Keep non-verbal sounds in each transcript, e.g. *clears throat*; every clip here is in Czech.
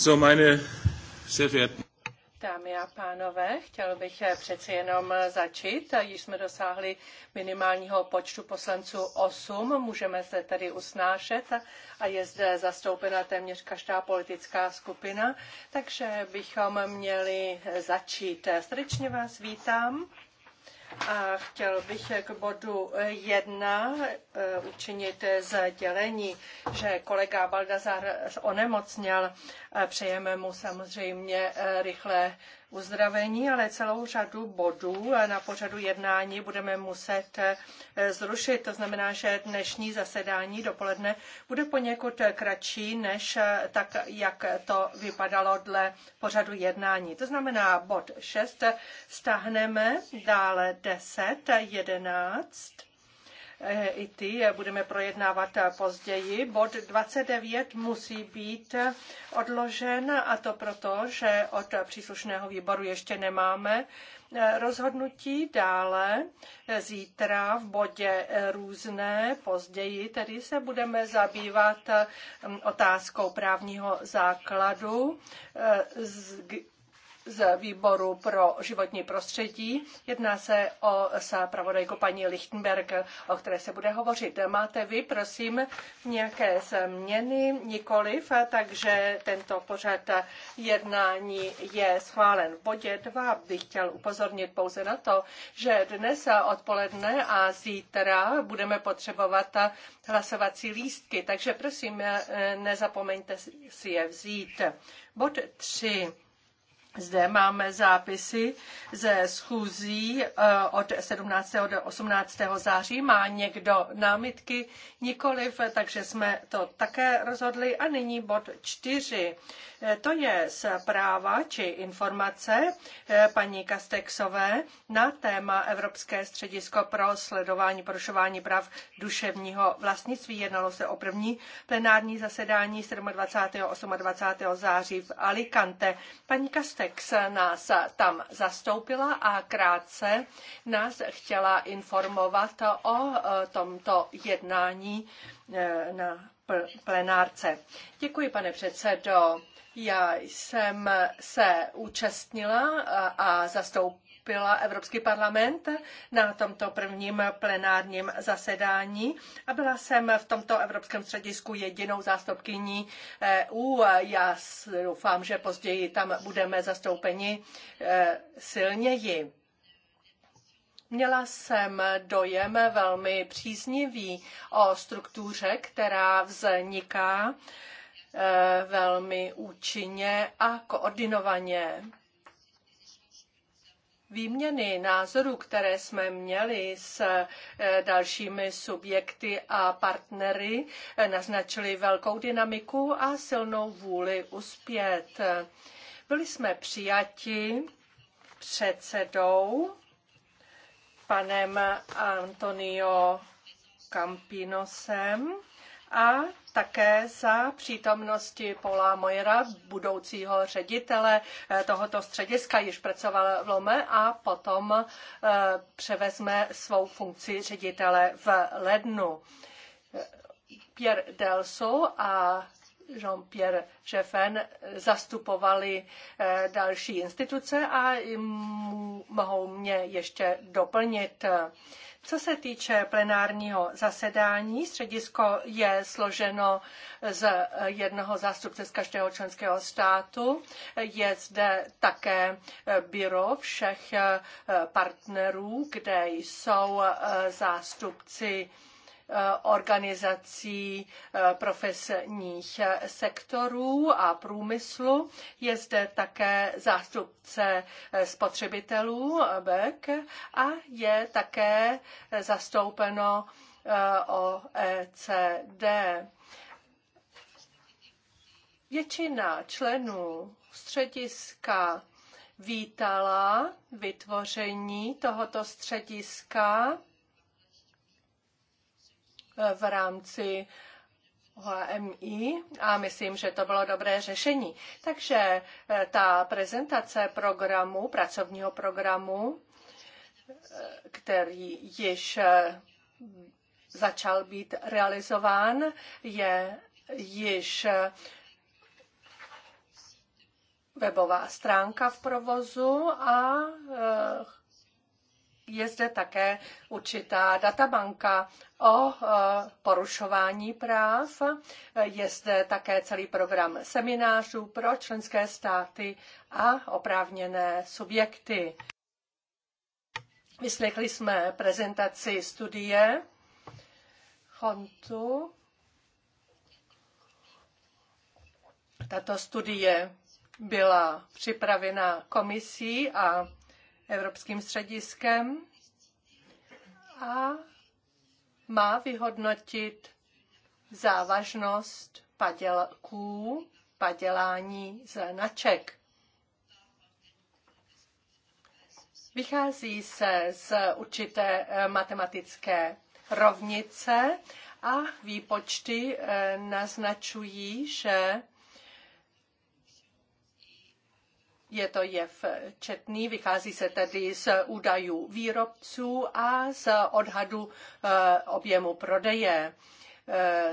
So meine sehr verehrten Dámy a pánové, chtěl bych přeci jenom začít. Již jsme dosáhli minimálního počtu poslanců 8, můžeme se tedy usnášet a je zde zastoupena téměř každá politická skupina, takže bychom měli začít. Srdečně vás vítám a chtěl bych k bodu 1 Eh, učinit sdělení, že kolega Baldazar onemocněl. Eh, přejeme mu samozřejmě eh, rychlé uzdravení, ale celou řadu bodů na pořadu jednání budeme muset zrušit. To znamená, že dnešní zasedání dopoledne bude poněkud kratší, než tak, jak to vypadalo dle pořadu jednání. To znamená, bod 6 stáhneme, dále 10, 11, Eh, i ty budeme projednávat později. Bod 29 musí být odložen a to proto, že od příslušného výboru ještě nemáme eh, rozhodnutí dále eh, zítra v bodě různé, později tedy se budeme zabývat otázkou právního základu, z výboru pro životní prostředí. Jedná se o zpravodajku paní Lichtenberg, o které se bude hovořit. Máte vy, prosím, nějaké změny? Nikoliv, takže tento pořad jednání je schválen. V bodě 2 bych chtěl upozornit pouze na to, že dnes odpoledne a zítra budeme potřebovat hlasovací lístky, takže prosím, nezapomeňte si je vzít. Bod 3 zde máme zápisy ze schůzí eh, od 17. do 18. září. Má někdo námitky? Nikoliv, takže jsme to také rozhodli. A nyní bod 4. Eh, to je zpráva či informace eh, paní Kastexové na téma Evropské středisko pro sledování porušování práv duševního vlastnictví. Jednalo se o první plenární zasedání 27. a 28. září v Alicante. Paní Kastexové Castex nás tam zastoupila a krátce nás chtěla informovat o e, tomto jednání e, na plenárce. Děkuji, pane předsedo. Já jsem se účastnila e, a zastoupila zastoupila Evropský parlament na tomto prvním plenárním zasedání a byla jsem v tomto Evropském středisku jedinou zástupkyní EU. Já doufám, že později tam budeme zastoupeni e, silněji. Měla jsem dojem velmi příznivý o struktuře, která vzniká e, velmi účinně a koordinovaně výměny názorů, které jsme měli s eh, dalšími subjekty a partnery, eh, naznačily velkou dynamiku a silnou vůli uspět. Byli jsme přijati předsedou panem Antonio Campinosem a také za přítomnosti Paula Mojera, budoucího ředitele eh, tohoto střediska, již pracoval v Lome a potom eh, převezme svou funkci ředitele v lednu. Pierre Delsu a Jean-Pierre Jeffen zastupovali eh, další instituce a mohou mě ještě doplnit. Co se týče plenárního zasedání, středisko je složeno z jednoho zástupce z každého členského státu. Je zde také byro všech partnerů, kde jsou zástupci Eh, organizací eh, profesních eh, sektorů a průmyslu. Je zde také zástupce spotřebitelů BEK a je také zastoupeno OECD. Většina členů střediska vítala vytvoření tohoto střediska v rámci HMI a myslím, že to bylo dobré řešení. Takže eh, ta prezentace programu, pracovního programu, eh, který již eh, začal být realizován, je již webová stránka v provozu a je zde také určitá databanka o eh, porušování práv. Je zde také celý program seminářů pro členské státy a oprávněné subjekty. Vyslechli jsme prezentaci studie Hontu. Tato studie byla připravena komisí a evropským střediskem a má vyhodnotit závažnost padělků, padělání značek. Vychází se z určité eh, matematické rovnice a výpočty eh, naznačují, že Je to jev četný, vychází se tedy z údajů výrobců a z odhadu eh, objemu prodeje. Eh,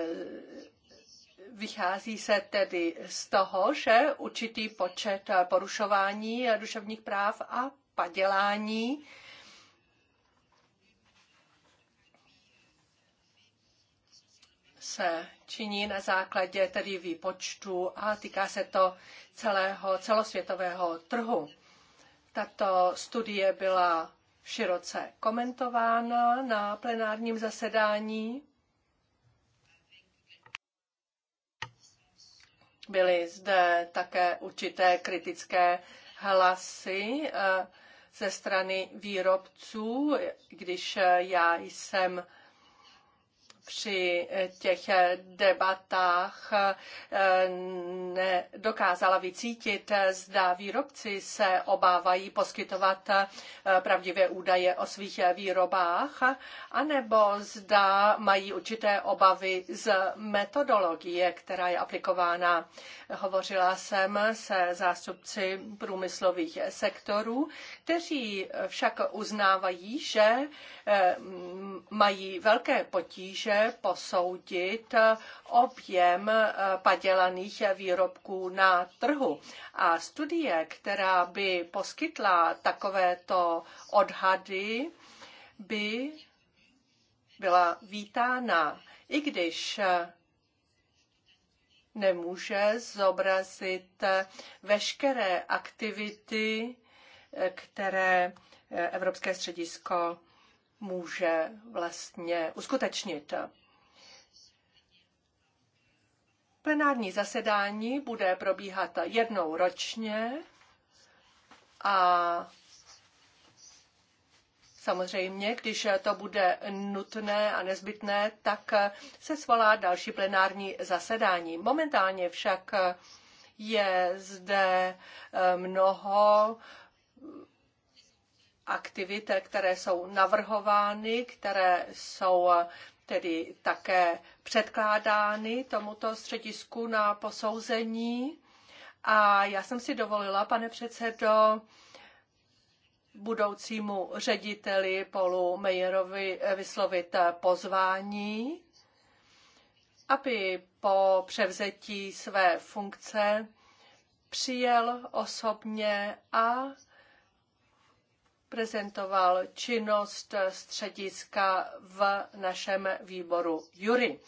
vychází se tedy z toho, že určitý počet eh, porušování duševních práv a padělání se činí na základě tedy výpočtu a týká se to celého celosvětového trhu. Tato studie byla široce komentována na plenárním zasedání. Byly zde také určité kritické hlasy eh, ze strany výrobců, když já jsem při eh, těch eh, debatách eh, dokázala vycítit, zda výrobci se obávají poskytovat pravdivé údaje o svých výrobách, anebo zda mají určité obavy z metodologie, která je aplikována. Hovořila jsem se zástupci průmyslových sektorů, kteří však uznávají, že mají velké potíže posoudit eh, objem eh, padělaných výrobků na trhu. A studie, která by poskytla takovéto odhady, by byla vítána, i když eh, nemůže zobrazit veškeré aktivity, které Evropské středisko může vlastně uskutečnit. Plenární zasedání bude probíhat jednou ročně a Samozřejmě, když to bude nutné a nezbytné, tak se svolá další plenární zasedání. Momentálně však je zde mnoho aktivit, které jsou navrhovány, které jsou eh, tedy také předkládány tomuto středisku na posouzení. A já jsem si dovolila, pane předsedo, budoucímu řediteli Polu Mejerovi eh, vyslovit eh, pozvání, aby po převzetí své funkce přijel osobně a prezentoval činnost střediska v našem výboru Jury.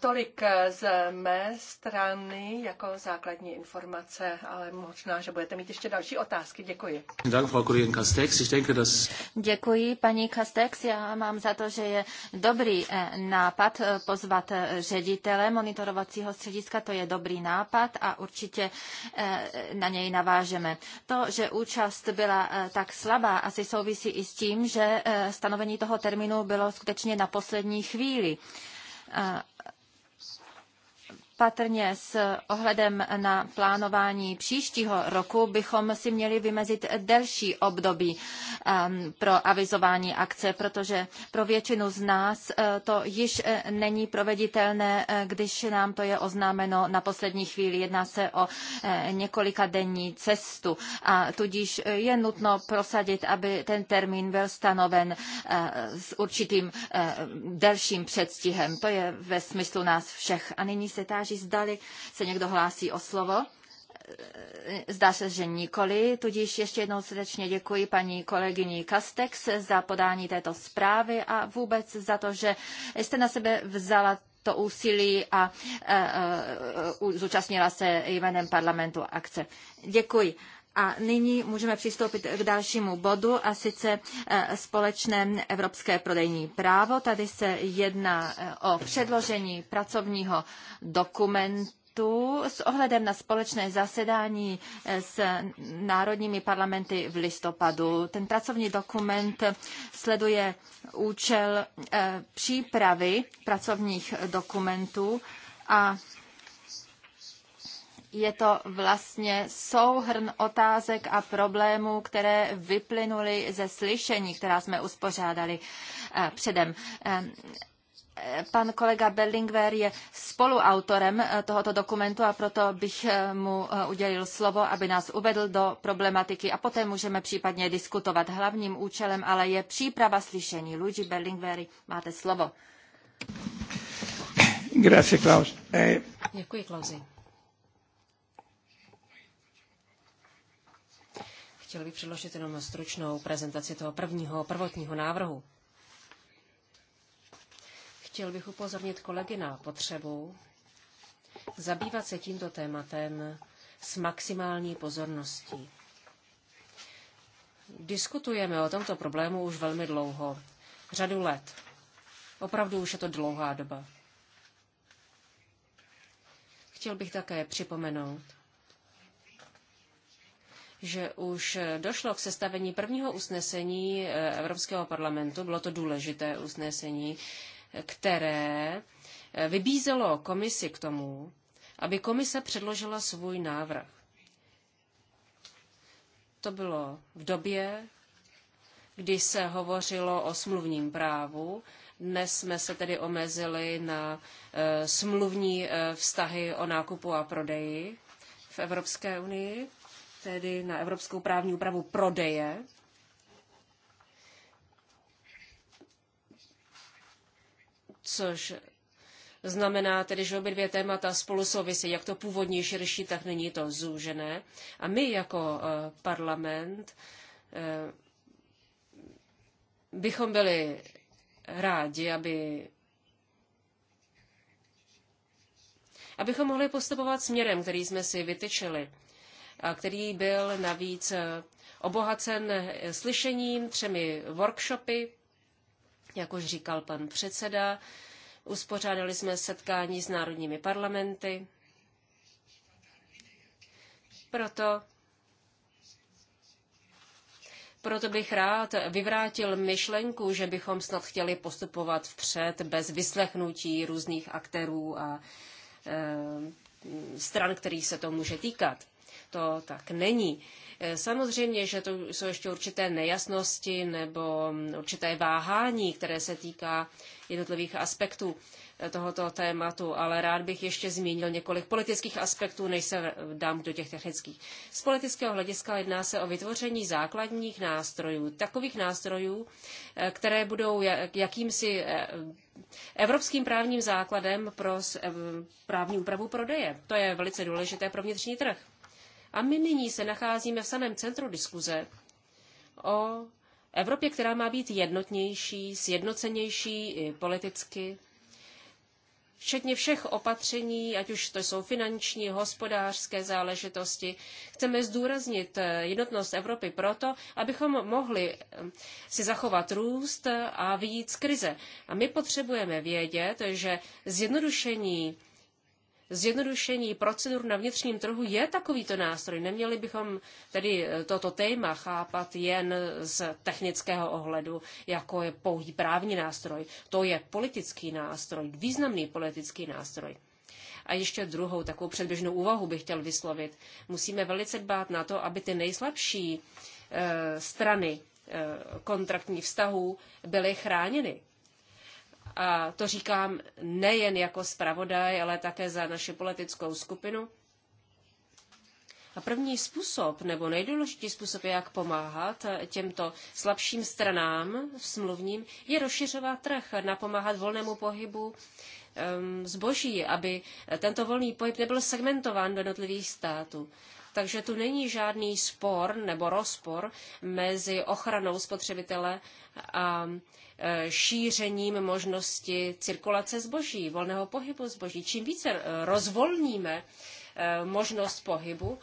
Tolik z mé strany jako základní informace, ale možná, že budete mít ještě další otázky. Děkuji. Děkuji, paní Kastex. Já mám za to, že je dobrý eh, nápad eh, pozvat eh, ředitele monitorovacího střediska. To je dobrý nápad a určitě na něj navážeme. To, že účast byla tak slabá, asi souvisí i s tím, že stanovení toho termínu bylo skutečně na poslední chvíli a uh, Patrně s ohledem na plánování příštího roku bychom si měli vymezit delší období ehm, pro avizování akce, protože pro většinu z nás eh, to již eh, není proveditelné, eh, když nám to je oznámeno na poslední chvíli. Jedná se o několika denní cestu a tudíž je nutno prosadit, aby ten termín byl stanoven s určitým delším předstihem. To je ve smyslu nás všech. A nyní se táží táží, zdali se někdo hlásí o slovo. E, zdá se, že nikoli, tudíž ještě jednou srdečně děkuji paní kolegyni Kastex za podání této zprávy a vůbec za to, že jste na sebe vzala to úsilí a, a, a, a zúčastnila se jménem parlamentu akce. Děkuji. A nyní můžeme přistoupit k dalšímu bodu a sice eh, společné evropské prodejní právo. Tady se jedná eh, o předložení pracovního dokumentu s ohledem na společné zasedání eh, s národními parlamenty v listopadu. Ten pracovní dokument sleduje účel přípravy pracovních dokumentů a je to vlastně souhrn otázek a problémů, které vyplynuly ze slyšení, která jsme uspořádali eh, předem eh, eh, pan kolega Berlingwer je spoluautorem tohoto dokumentu a proto bych mu udělil slovo, aby nás uvedl do problematiky a poté můžeme případně diskutovat. Hlavním účelem ale je příprava slyšení. Luigi Berlingwer, máte slovo. Grazie, Klaus. Děkuji, Klausi. Chtěl bych předložit jenom stručnou prezentaci toho prvního, prvotního návrhu. Chtěl bych upozornit kolegy na potřebu zabývat se tímto tématem s maximální pozorností. Diskutujeme o tomto problému už velmi dlouho, řadu let. Opravdu už je to dlouhá doba. Chtěl bych také připomenout, že už došlo k sestavení prvního usnesení eh, Evropského parlamentu, bylo to důležité usnesení, které eh, vybízelo komisi k tomu, aby komise předložila svůj návrh. To bylo v době, kdy se hovořilo o smluvním právu. Dnes jsme se tedy omezili na e, smluvní e, vztahy o nákupu a prodeji v Evropské unii tedy na evropskou právní úpravu prodeje. Což znamená tedy, že obě dvě témata spolu souvisí, jak to původně širší, tak není to zúžené. A my jako eh, parlament eh, bychom byli rádi, aby abychom mohli postupovat směrem, který jsme si vytyčili který byl navíc eh, obohacen eh, slyšením, třemi workshopy, jak už říkal pan předseda. Uspořádali jsme setkání s národními parlamenty. Proto proto bych rád vyvrátil myšlenku, že bychom snad chtěli postupovat vpřed bez vyslechnutí různých aktérů a e, stran, kterých se to může týkat to tak není. Eh, samozřejmě, že to jsou ještě určité nejasnosti nebo mm, určité váhání, které se týká jednotlivých aspektů eh, tohoto tématu, ale rád bych ještě zmínil několik politických aspektů, než se dám do těch technických. Z politického hlediska jedná se o vytvoření základních nástrojů, takových nástrojů, eh, které budou jakýmsi evropským právním základem pro právní úpravu prodeje. To je velice důležité pro vnitřní trh. A my nyní se nacházíme v samém centru diskuze o Evropě, která má být jednotnější, sjednocenější i politicky, včetně všech opatření, ať už to jsou finanční, hospodářské záležitosti. Chceme zdůraznit eh, jednotnost Evropy proto, abychom mohli eh, si zachovat růst a vyjít z krize. A my potřebujeme vědět, že zjednodušení zjednodušení procedur na vnitřním trhu je takovýto nástroj. Neměli bychom tedy eh, toto téma chápat jen z technického ohledu, jako je pouhý právní nástroj. To je politický nástroj, významný politický nástroj. A ještě druhou takovou předběžnou úvahu bych chtěl vyslovit. Musíme velice dbát na to, aby ty nejslabší e, strany e, kontraktních vztahů byly chráněny a to říkám nejen jako zpravodaj, ale také za naši politickou skupinu. A první způsob, nebo nejdůležitější způsob, jak pomáhat těmto slabším stranám v smluvním, je rozšiřovat trh, napomáhat volnému pohybu ehm, zboží, aby tento volný pohyb nebyl segmentován do jednotlivých států. Takže tu není žádný spor nebo rozpor mezi ochranou spotřebitele a e, šířením možnosti cirkulace zboží, volného pohybu zboží. Čím více e, rozvolníme e, možnost pohybu,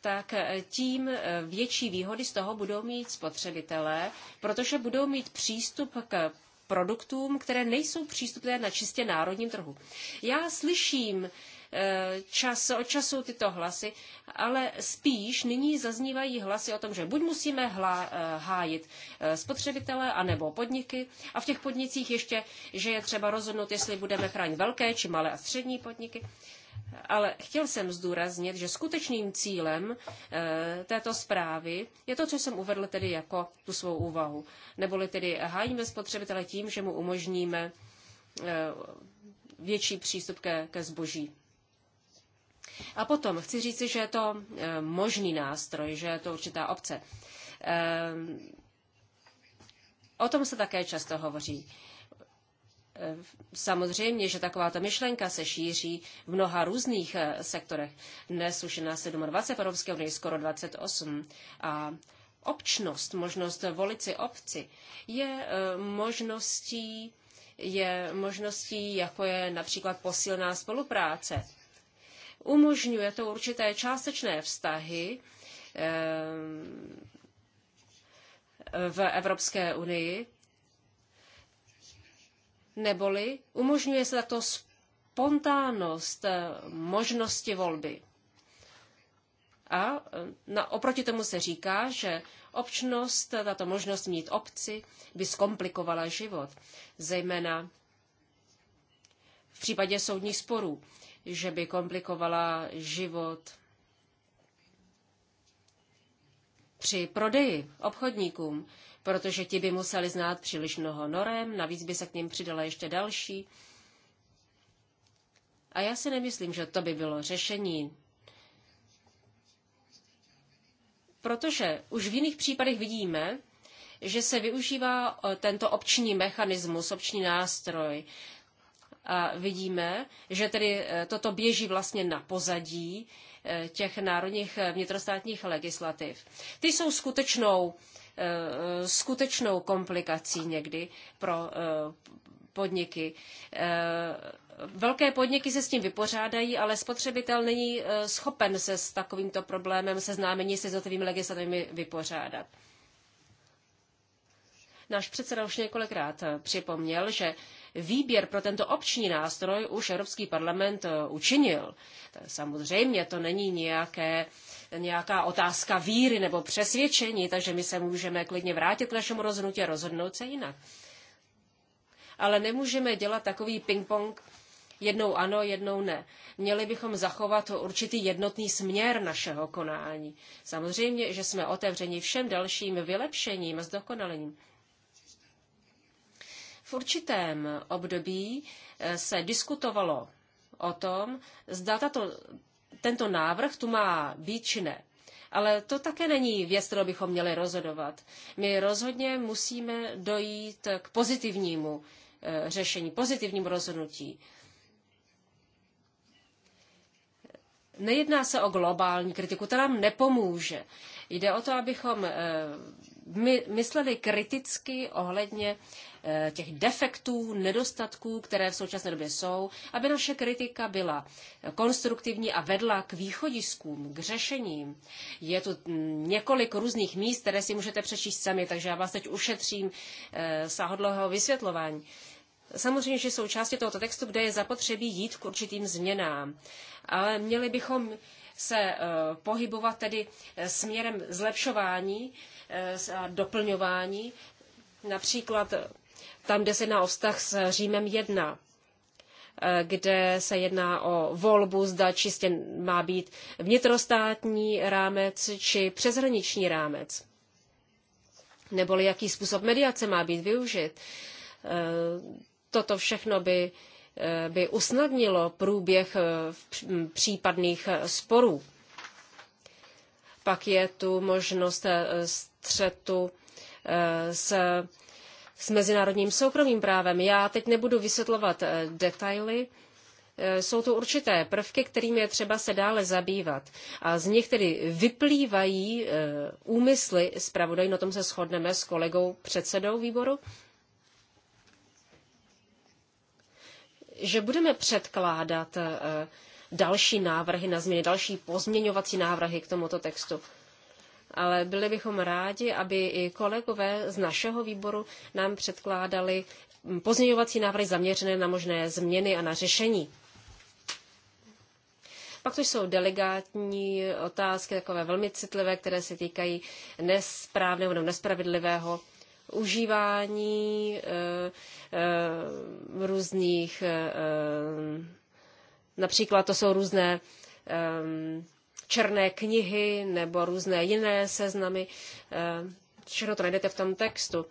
tak tím větší výhody z toho budou mít spotřebitelé, protože budou mít přístup k produktům, které nejsou přístupné na čistě národním trhu. Já slyším čas od času tyto hlasy, ale spíš nyní zaznívají hlasy o tom, že buď musíme hla, eh, hájit eh, spotřebitele anebo podniky a v těch podnicích ještě, že je třeba rozhodnout, jestli budeme chránit velké či malé a střední podniky. Ale chtěl jsem zdůraznit, že skutečným cílem e, této zprávy je to, co jsem uvedl tedy jako tu svou úvahu. Neboli tedy hájíme spotřebitele tím, že mu umožníme e, větší přístup ke, ke zboží. A potom chci říci, že je to eh, možný nástroj, že je to určitá obce. Eh, o tom se také často hovoří. Eh, samozřejmě, že takováto myšlenka se šíří v mnoha různých sektorech. Dnes už je na 27 Evropské unie, skoro 28. A občnost, možnost volit si obci, je možností, je možností, jako je například posilná spolupráce Umožňuje to určité částečné vztahy eh, v Evropské unii, neboli umožňuje se tato spontánnost eh, možnosti volby. A eh, na, oproti tomu se říká, že občnost, tato možnost mít obci, by zkomplikovala život, zejména v případě soudních sporů že by komplikovala život při prodeji obchodníkům, protože ti by museli znát příliš mnoho norem, navíc by se k ním přidala ještě další. A já si nemyslím, že to by bylo řešení. Protože už v jiných případech vidíme, že se využívá eh, tento obční mechanismus, obční nástroj a vidíme, že tedy e, toto běží vlastně na pozadí e, těch národních e, vnitrostátních legislativ. Ty jsou skutečnou, skutečnou komplikací někdy pro podniky. Velké podniky se s tím vypořádají, ale spotřebitel není schopen se s takovýmto problémem seznámení se s jednotlivými legislativami vypořádat. Náš předseda už několikrát připomněl, že výběr pro tento obční nástroj už Evropský parlament eh, učinil. Samozřejmě to není nějaké, nějaká otázka víry nebo přesvědčení, takže my se můžeme klidně vrátit k našemu rozhodnutí a rozhodnout se jinak. Ale nemůžeme dělat takový ping-pong jednou ano, jednou ne. Měli bychom zachovat určitý jednotný směr našeho konání. Samozřejmě, že jsme otevřeni všem dalším vylepšením a zdokonalením. V určitém období eh, se diskutovalo o tom, zda tato, tento návrh tu má být či ne. Ale to také není věc, kterou bychom měli rozhodovat. My rozhodně musíme dojít k pozitivnímu eh, řešení, pozitivnímu rozhodnutí. Nejedná se o globální kritiku, ta nám nepomůže. Jde o to, abychom eh, mysleli kriticky ohledně Eh, těch defektů, nedostatků, které v současné době jsou, aby naše kritika byla konstruktivní a vedla k východiskům, k řešením. Je tu několik různých míst, které si můžete přečíst sami, takže já vás teď ušetřím eh, sáhodlého vysvětlování. Samozřejmě, že jsou části tohoto textu, kde je zapotřebí jít k určitým změnám, ale měli bychom se eh, pohybovat tedy směrem zlepšování a doplňování. Například tam, kde se jedná o vztah s Římem jedná, eh, kde se jedná o volbu, zda čistě má být vnitrostátní rámec či přeshraniční rámec, neboli jaký způsob mediace má být využit. Eh, toto všechno by, eh, by usnadnilo průběh případných sporů. Pak je tu možnost střetu s s mezinárodním soukromým právem. Já teď nebudu vysvětlovat eh, detaily, eh, jsou to určité prvky, kterými je třeba se dále zabývat. A z nich tedy vyplývají eh, úmysly zpravodaj, na tom se shodneme s kolegou předsedou výboru, že budeme předkládat další návrhy na změny, další pozměňovací návrhy k tomuto textu ale byli bychom rádi, aby i kolegové z našeho výboru nám předkládali pozměňovací návrhy zaměřené na možné změny a na řešení. Pak to jsou delegátní otázky, takové velmi citlivé, které se týkají nesprávného nebo nespravedlivého užívání e, e, různých, e, například to jsou různé e, černé knihy nebo různé jiné seznamy. Eh, všechno to najdete v tom textu.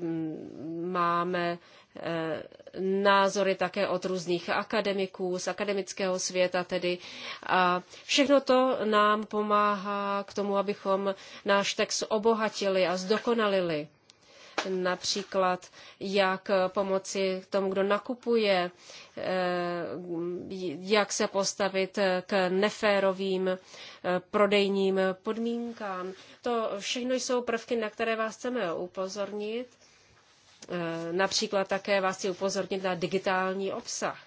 Mm, máme eh, názory také od různých akademiků z akademického světa tedy. A všechno to nám pomáhá k tomu, abychom náš text obohatili a zdokonalili například jak pomoci tomu, kdo nakupuje, eh, jak se postavit k neférovým eh, prodejním podmínkám. To všechno jsou prvky, na které vás chceme upozornit. Eh, například také vás chci upozornit na digitální obsah.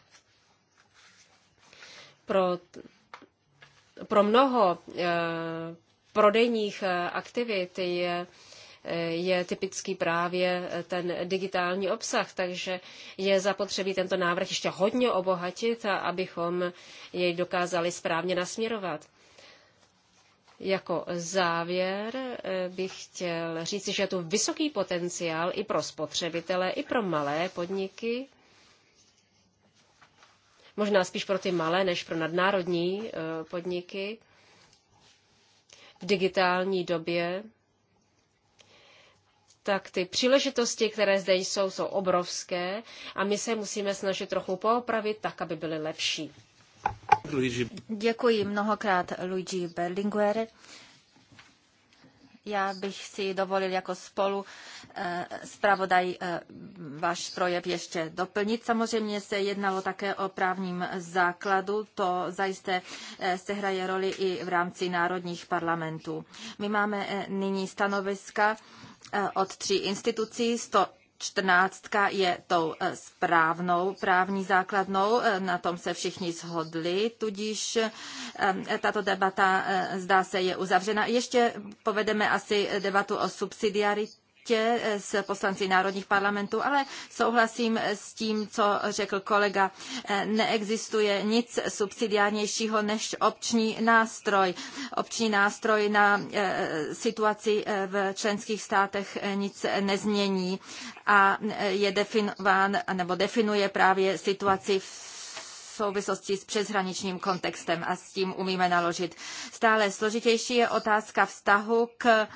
Pro, pro mnoho prodejních aktivit je je typický právě ten digitální obsah, takže je zapotřebí tento návrh ještě hodně obohatit, abychom jej dokázali správně nasměrovat. Jako závěr eh, bych chtěl říct, že je tu vysoký potenciál i pro spotřebitele, i pro malé podniky, možná spíš pro ty malé než pro nadnárodní eh, podniky v digitální době tak ty příležitosti, které zde jsou, jsou obrovské a my se musíme snažit trochu poopravit tak, aby byly lepší. Luigi. Děkuji mnohokrát Luigi Berlinguer. Já bych si dovolil jako spolu eh, zpravodaj eh, váš projev ještě doplnit. Samozřejmě se jednalo také o právním základu, to zajisté eh, se hraje roli i v rámci národních parlamentů. My máme nyní stanoviska Eh, od tří institucí, 114 je tou eh, správnou právní základnou, eh, na tom se všichni shodli, tudíž tato debata zdá se je uzavřena. Ještě povedeme asi debatu o subsidiaritě debatě eh, s poslanci národních parlamentů, ale souhlasím s tím, co řekl kolega. Eh, neexistuje nic subsidiárnějšího než obční nástroj. Obční nástroj na eh, situaci v členských státech nic nezmění a je definován nebo definuje právě situaci v souvislosti s přeshraničním kontextem a s tím umíme naložit. Stále složitější je otázka vztahu k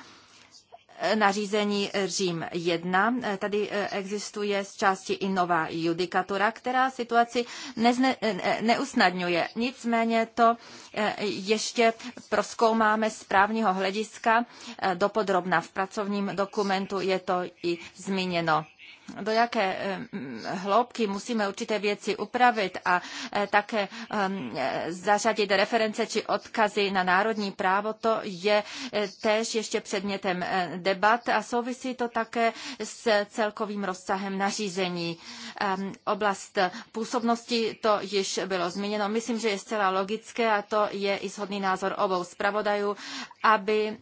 nařízení Řím 1. Tady eh, existuje z části i nová judikatura, která situaci nezne, eh, neusnadňuje. Nicméně to eh, ještě proskoumáme z právního hlediska dopodrobna. V pracovním dokumentu je to i zmíněno do jaké eh, hloubky musíme určité věci upravit a eh, také ehm, zařadit reference či odkazy na národní právo, to je eh, též ještě předmětem debat a souvisí to také s celkovým rozsahem nařízení. Ehm, oblast působnosti, to již bylo zmíněno. Myslím, že je zcela logické a to je i shodný názor obou zpravodajů, aby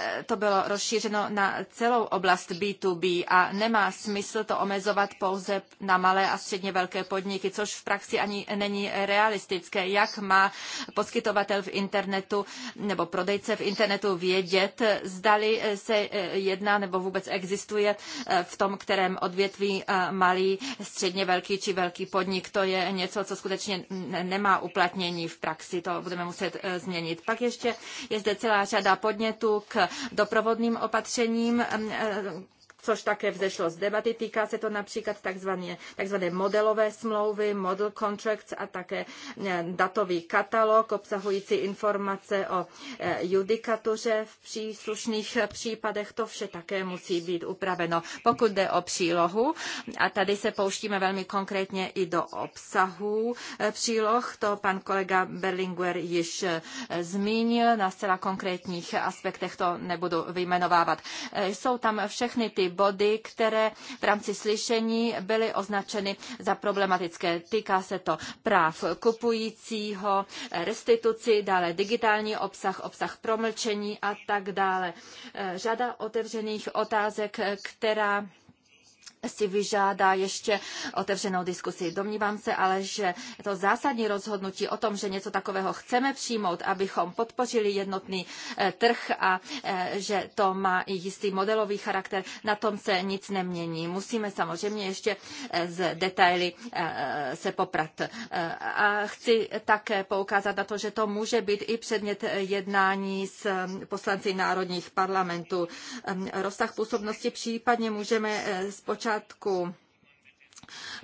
Eh, to bylo rozšířeno na celou oblast B2B a nemá smysl to omezovat pouze na malé a středně velké podniky, což v praxi ani není realistické. Jak má poskytovatel v internetu nebo prodejce v internetu vědět, zdali eh, se eh, jedná nebo vůbec existuje v tom, kterém odvětví malý, středně velký či velký podnik. To je něco, co skutečně nemá uplatnění v praxi. To budeme muset změnit. Pak ještě je zde celá řada podnětů k doprovodným opatřením což také vzešlo z debaty. Týká se to například takzvané, takzvané modelové smlouvy, model contracts a také eh, datový katalog obsahující informace o eh, judikatuře v příslušných eh, případech. To vše také musí být upraveno. Pokud jde o přílohu, a tady se pouštíme velmi konkrétně i do obsahu příloh, to pan kolega Berlinguer již zmínil na zcela konkrétních aspektech, to nebudu vyjmenovávat. Jsou tam všechny ty body, které v rámci slyšení byly označeny za problematické. Týká se to práv kupujícího, restituci, dále digitální obsah, obsah promlčení a tak dále. Eh, řada otevřených otázek, eh, která si vyžádá ještě otevřenou diskusi. Domnívám se ale, že to zásadní rozhodnutí o tom, že něco takového chceme přijmout, abychom podpořili jednotný eh, trh a eh, že to má i jistý modelový charakter, na tom se nic nemění. Musíme samozřejmě ještě eh, z detaily se poprat. A chci také poukázat na to, že to může být i předmět jednání s hm, poslanci národních parlamentů. Hm, rozsah působnosti případně můžeme spočítat pořádku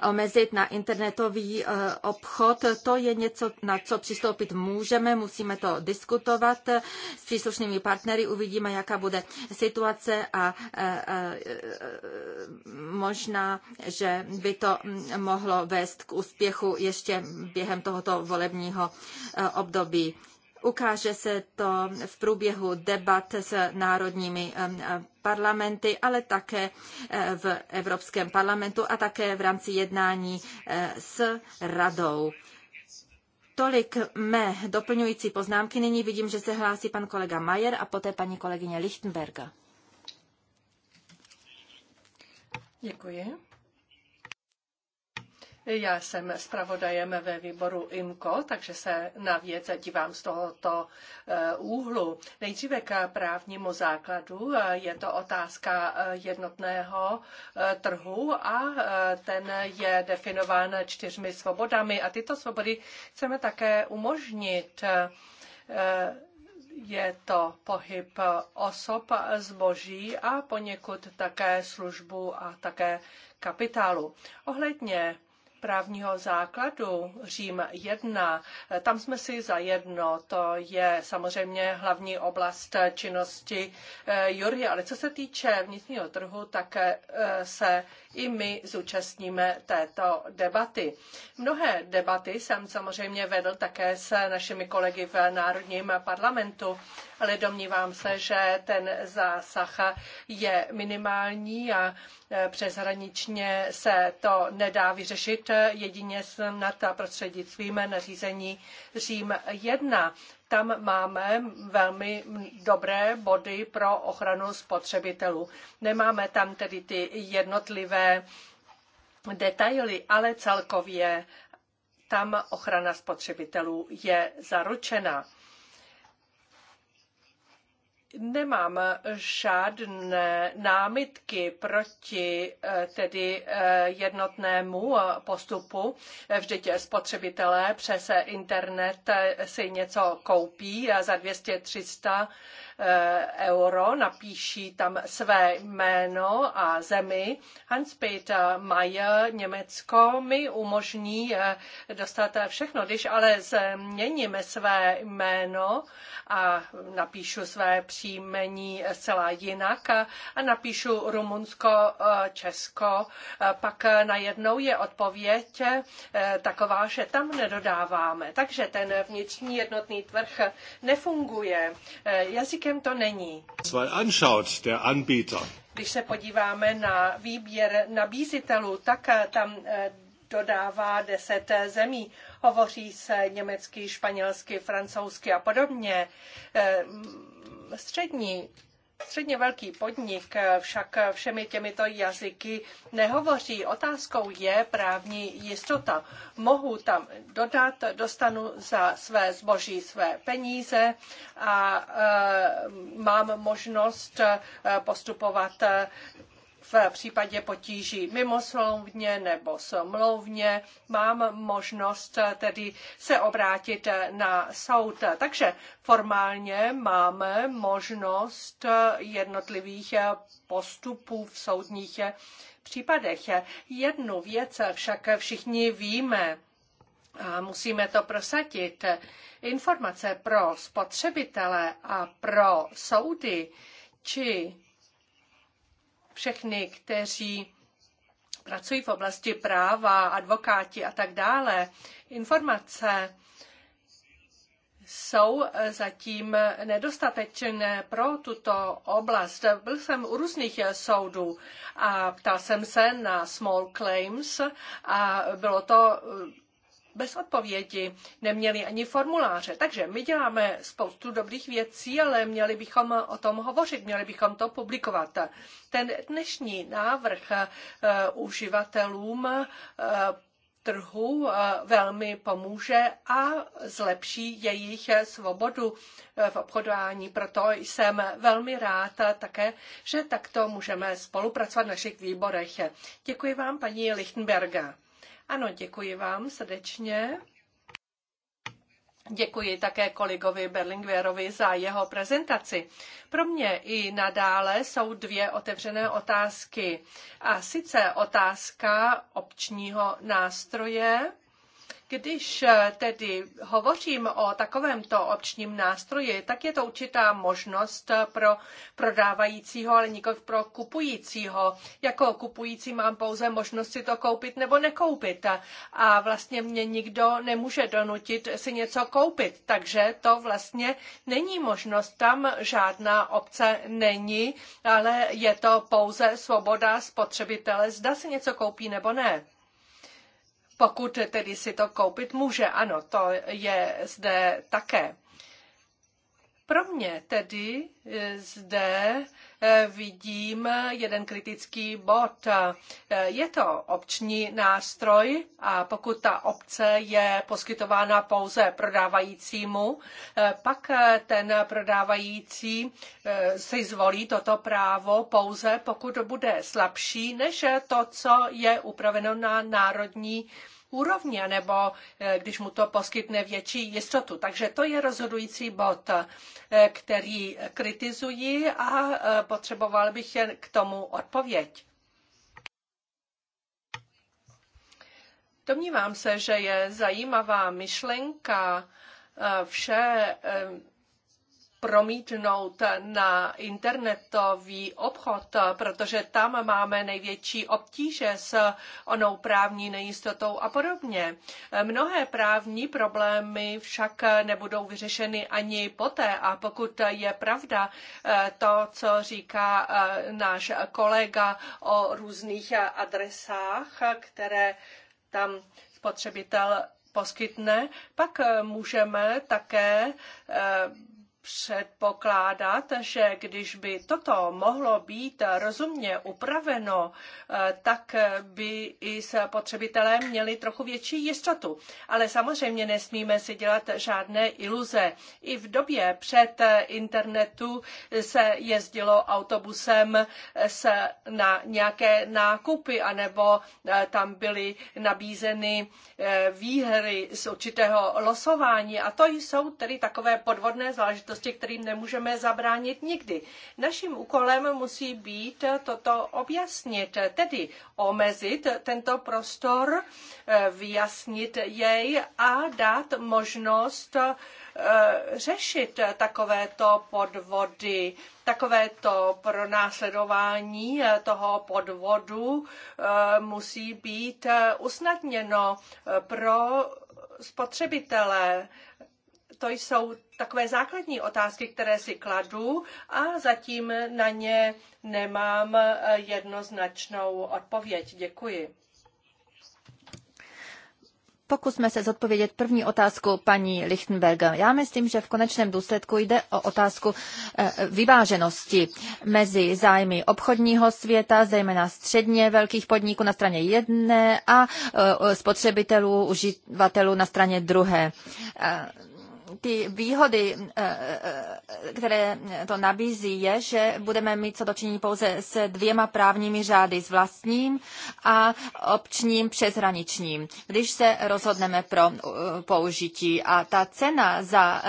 omezit na internetový eh, obchod. To je něco, na co přistoupit můžeme, musíme to diskutovat s příslušnými partnery, uvidíme, jaká bude situace a eh, eh, možná, že by to mm, mohlo vést k úspěchu ještě během tohoto volebního období. Ukáže se to v průběhu debat s národními eh, parlamenty, ale také eh, v Evropském parlamentu a také v rámci jednání eh, s radou. Tolik mé doplňující poznámky. Nyní vidím, že se hlásí pan kolega Majer a poté paní kolegyně Lichtenberga. Děkuji. Já jsem zpravodajem ve výboru IMCO, takže se na věc dívám z tohoto eh, úhlu. Nejdříve k právnímu základu. Eh, je to otázka eh, jednotného trhu a ten je definován čtyřmi svobodami a tyto svobody chceme také umožnit je to pohyb osob, zboží a poněkud také službu a také kapitálu. Ohledně právního základu Řím 1, tam jsme si za jedno. To je samozřejmě hlavní oblast činnosti eh, Jury, ale co se týče vnitřního trhu, tak eh, se i my zúčastníme této debaty. Mnohé debaty jsem samozřejmě vedl také se našimi kolegy v Národním parlamentu ale domnívám se, že ten zásah je minimální a e, přeshraničně se to nedá vyřešit jedině snad prostřednictvím nařízení Řím 1 tam máme velmi dobré body pro ochranu spotřebitelů. Nemáme tam tedy ty jednotlivé detaily, ale celkově tam ochrana spotřebitelů je zaručena. Nemám žádné námitky proti eh, tedy eh, jednotnému postupu. Vždyť spotřebitelé přes internet eh, si něco koupí za 200-300 Eh, euro, napíší tam své jméno a zemi. Hans-Peter Mayer, Německo, mi umožní eh, dostat eh, všechno. Když ale změníme své jméno a napíšu své příjmení zcela jinak a napíšu Rumunsko, Česko, pak najednou je odpověď taková, že tam nedodáváme. Takže ten vnitřní jednotný trh nefunguje. Jazyk rizikem to není. Když se podíváme na výběr nabízitelů, tak eh, tam eh, dodává deset eh, zemí. Hovoří se německy, španělsky, francouzsky a podobně. Střední Středně velký podnik však všemi těmito jazyky nehovoří. Otázkou je právní jistota. Mohu tam dodat, dostanu za své zboží své peníze a e, mám možnost e, postupovat v případě potíží mimoslouvně nebo smlouvně mám možnost tedy se obrátit na soud. Takže formálně máme možnost jednotlivých postupů v soudních případech. Jednu věc však všichni víme, a musíme to prosadit. Informace pro spotřebitele a pro soudy či všechny, kteří pracují v oblasti práva, advokáti a tak dále. Informace jsou zatím nedostatečné pro tuto oblast. Byl jsem u různých soudů a ptal jsem se na small claims a bylo to bez odpovědi, neměli ani formuláře. Takže my děláme spoustu dobrých věcí, ale měli bychom o tom hovořit, měli bychom to publikovat. Ten dnešní návrh eh, uživatelům eh, trhu eh, velmi pomůže a zlepší jejich svobodu v obchodování. Proto jsem velmi rád také, že takto můžeme spolupracovat v našich výborech. Děkuji vám, paní Lichtenberga. Ano, děkuji vám srdečně. Děkuji také kolegovi Berlingwerovi za jeho prezentaci. Pro mě i nadále jsou dvě otevřené otázky. A sice otázka občního nástroje když eh, tedy hovořím o takovémto občním nástroji, tak je to určitá možnost eh, pro prodávajícího, ale nikoli pro kupujícího. Jako kupující mám pouze možnost si to koupit nebo nekoupit. A vlastně mě nikdo nemůže donutit si něco koupit. Takže to vlastně není možnost. Tam žádná obce není, ale je to pouze svoboda spotřebitele, zda si něco koupí nebo ne pokud tedy si to koupit může. Ano, to je zde také. Pro mě tedy eh, zde E, vidím jeden kritický bod. E, je to obční nástroj a pokud ta obce je poskytována pouze prodávajícímu, e, pak ten prodávající si zvolí toto právo pouze, pokud bude slabší než to, co je upraveno na národní úrovni úrovně, nebo eh, když mu to poskytne větší jistotu. Takže to je rozhodující bod, eh, který kritizuji a eh, potřeboval bych jen k tomu odpověď. Domnívám se, že je zajímavá myšlenka vše promítnout na internetový obchod, protože tam máme největší obtíže s onou právní nejistotou a podobně. Mnohé právní problémy však nebudou vyřešeny ani poté a pokud je pravda eh, to, co říká eh, náš kolega o různých adresách, které tam spotřebitel poskytne, pak můžeme také eh, předpokládat, že když by toto mohlo být rozumně upraveno, eh, tak by i spotřebitelé měli trochu větší jistotu. Ale samozřejmě nesmíme si dělat žádné iluze. I v době před internetu se jezdilo autobusem se na nějaké nákupy, anebo eh, tam byly nabízeny eh, výhry z určitého losování. A to jsou tedy takové podvodné záležitosti záležitosti, kterým nemůžeme zabránit nikdy. Naším úkolem musí být toto objasnit, tedy omezit tento prostor, vyjasnit jej a dát možnost eh, řešit takovéto podvody, takovéto pronásledování toho podvodu eh, musí být usnadněno pro spotřebitele to jsou takové základní otázky, které si kladu a zatím na ně nemám eh, jednoznačnou odpověď. Děkuji. Pokusme se zodpovědět první otázku paní Lichtenberger. Já myslím, že v konečném důsledku jde o otázku eh, vyváženosti mezi zájmy obchodního světa, zejména středně velkých podniků na straně jedné a eh, spotřebitelů, uživatelů na straně druhé ty výhody, eh, eh, které to nabízí, je, že budeme mít co dočinění pouze s dvěma právními řády, s vlastním a občním přeshraničním, když se rozhodneme pro eh, použití. A ta cena za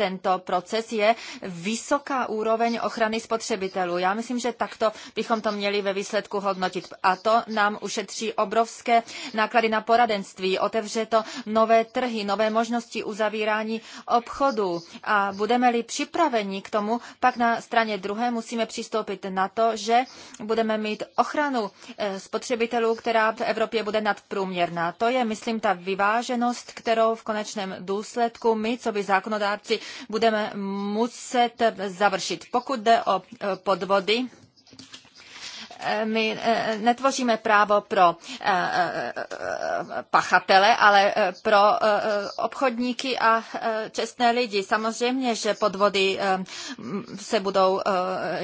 tento proces, je vysoká úroveň ochrany spotřebitelů. Já myslím, že takto bychom to měli ve výsledku hodnotit. A to nám ušetří obrovské náklady na poradenství. Otevře to nové trhy, nové možnosti uzavírání obchodů. A budeme-li připraveni k tomu, pak na straně druhé musíme přistoupit na to, že budeme mít ochranu eh, spotřebitelů, která v Evropě bude nadprůměrná. To je, myslím, ta vyváženost, kterou v konečném důsledku my, co by zákonodárci, budeme muset završit. Pokud jde o e, podvody, my eh, netvoříme právo pro eh, eh, pachatele, ale pro obchodníky a čestné lidi. Samozřejmě, že podvody se budou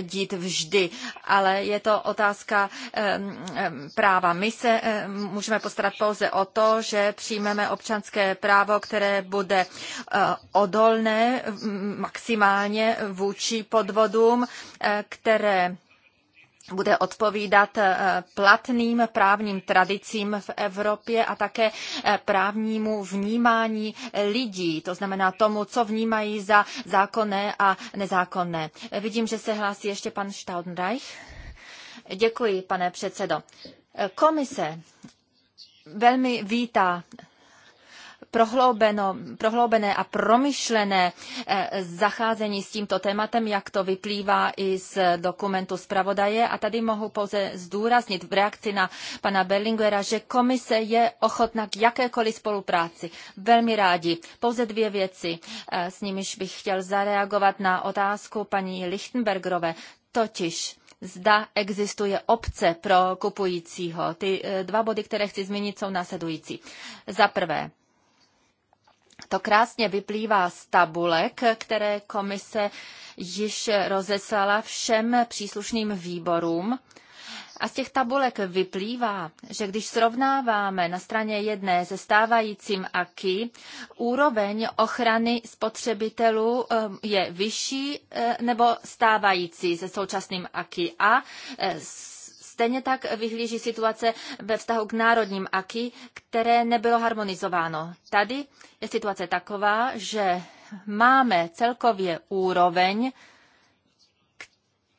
dít vždy, ale je to otázka práva. My se můžeme postarat pouze o to, že přijmeme občanské právo, které bude odolné maximálně vůči podvodům, které bude odpovídat eh, platným právním tradicím v Evropě a také eh, právnímu vnímání lidí, to znamená tomu, co vnímají za zákonné a nezákonné. Eh, vidím, že se hlásí ještě pan Staudenreich. Děkuji, pane předsedo. Komise velmi vítá prohloubené a promyšlené eh, zacházení s tímto tématem, jak to vyplývá i z dokumentu zpravodaje. A tady mohu pouze zdůraznit v reakci na pana Berlinguera, že komise je ochotná k jakékoliv spolupráci. Velmi rádi. Pouze dvě věci, eh, s nimiž bych chtěl zareagovat na otázku paní Lichtenbergerové. Totiž zda existuje obce pro kupujícího. Ty eh, dva body, které chci zmínit, jsou následující. Za prvé, to krásně vyplývá z tabulek, které komise již rozeslala všem příslušným výborům. A z těch tabulek vyplývá, že když srovnáváme na straně jedné se stávajícím AKI, úroveň ochrany spotřebitelů eh, je vyšší eh, nebo stávající se současným AKI a Stejně tak vyhlíží situace ve vztahu k národním aky, které nebylo harmonizováno. Tady je situace taková, že máme celkově úroveň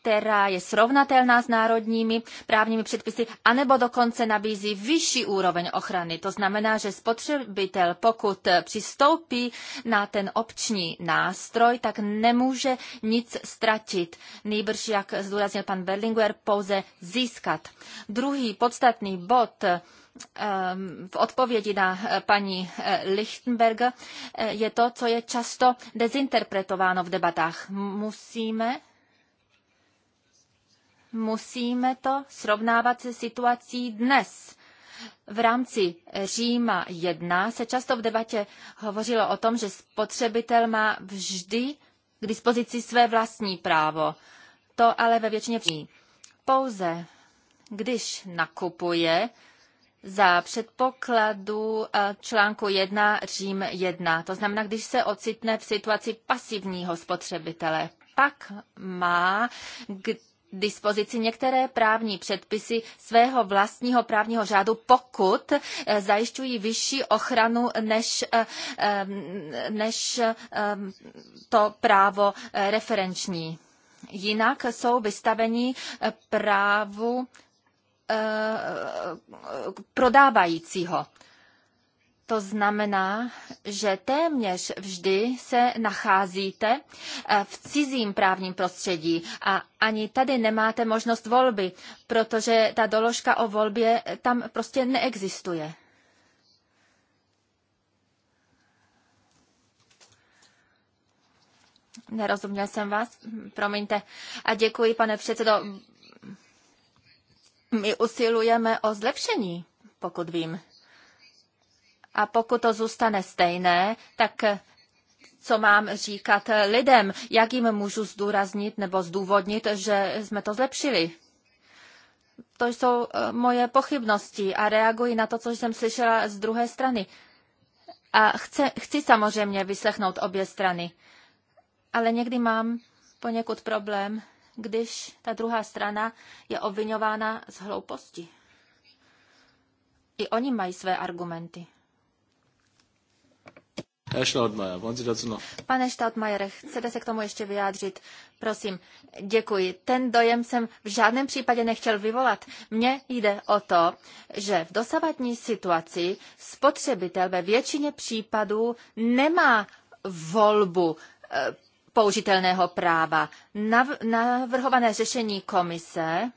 která je srovnatelná s národními právními předpisy, anebo dokonce nabízí vyšší úroveň ochrany. To znamená, že spotřebitel, pokud přistoupí na ten opční nástroj, tak nemůže nic ztratit. Nýbrž, jak zdůraznil pan Berlinguer, pouze získat. Druhý podstatný bod ehm, v odpovědi na eh, paní eh, Lichtenberg eh, je to, co je často dezinterpretováno v debatách. Musíme musíme to srovnávat se situací dnes. V rámci Říma 1 se často v debatě hovořilo o tom, že spotřebitel má vždy k dispozici své vlastní právo. To ale ve většině případů. Pouze když nakupuje za předpokladu eh, článku 1 Řím 1, to znamená, když se ocitne v situaci pasivního spotřebitele, pak má k dispozici některé právní předpisy svého vlastního právního řádu, pokud eh, zajišťují vyšší ochranu než, eh, než to právo eh, referenční. Jinak jsou vystaveni právu prodávajícího. To znamená, že téměř vždy se nacházíte eh, v cizím právním prostředí a ani tady nemáte možnost volby, protože ta doložka o volbě tam prostě neexistuje. Nerozuměl jsem vás, promiňte. A děkuji, pane předsedo. My usilujeme o zlepšení, pokud vím. A pokud to zůstane stejné, tak co mám říkat lidem, jak jim můžu zdůraznit nebo zdůvodnit, že jsme to zlepšili. To jsou eh, moje pochybnosti a reaguji na to, co jsem slyšela z druhé strany. A chce, chci samozřejmě vyslechnout obě strany, ale někdy mám poněkud problém, když ta druhá strana je obvinována z hlouposti. I oni mají své argumenty. Herr wollen Sie dazu noch? Pane Staudmeier, chcete se k tomu ještě vyjádřit? Prosím, děkuji. Ten dojem jsem v žádném případě nechtěl vyvolat. Mně jde o to, že v dosavadní situaci spotřebitel ve většině případů nemá volbu eh, použitelného práva. navrhované řešení komise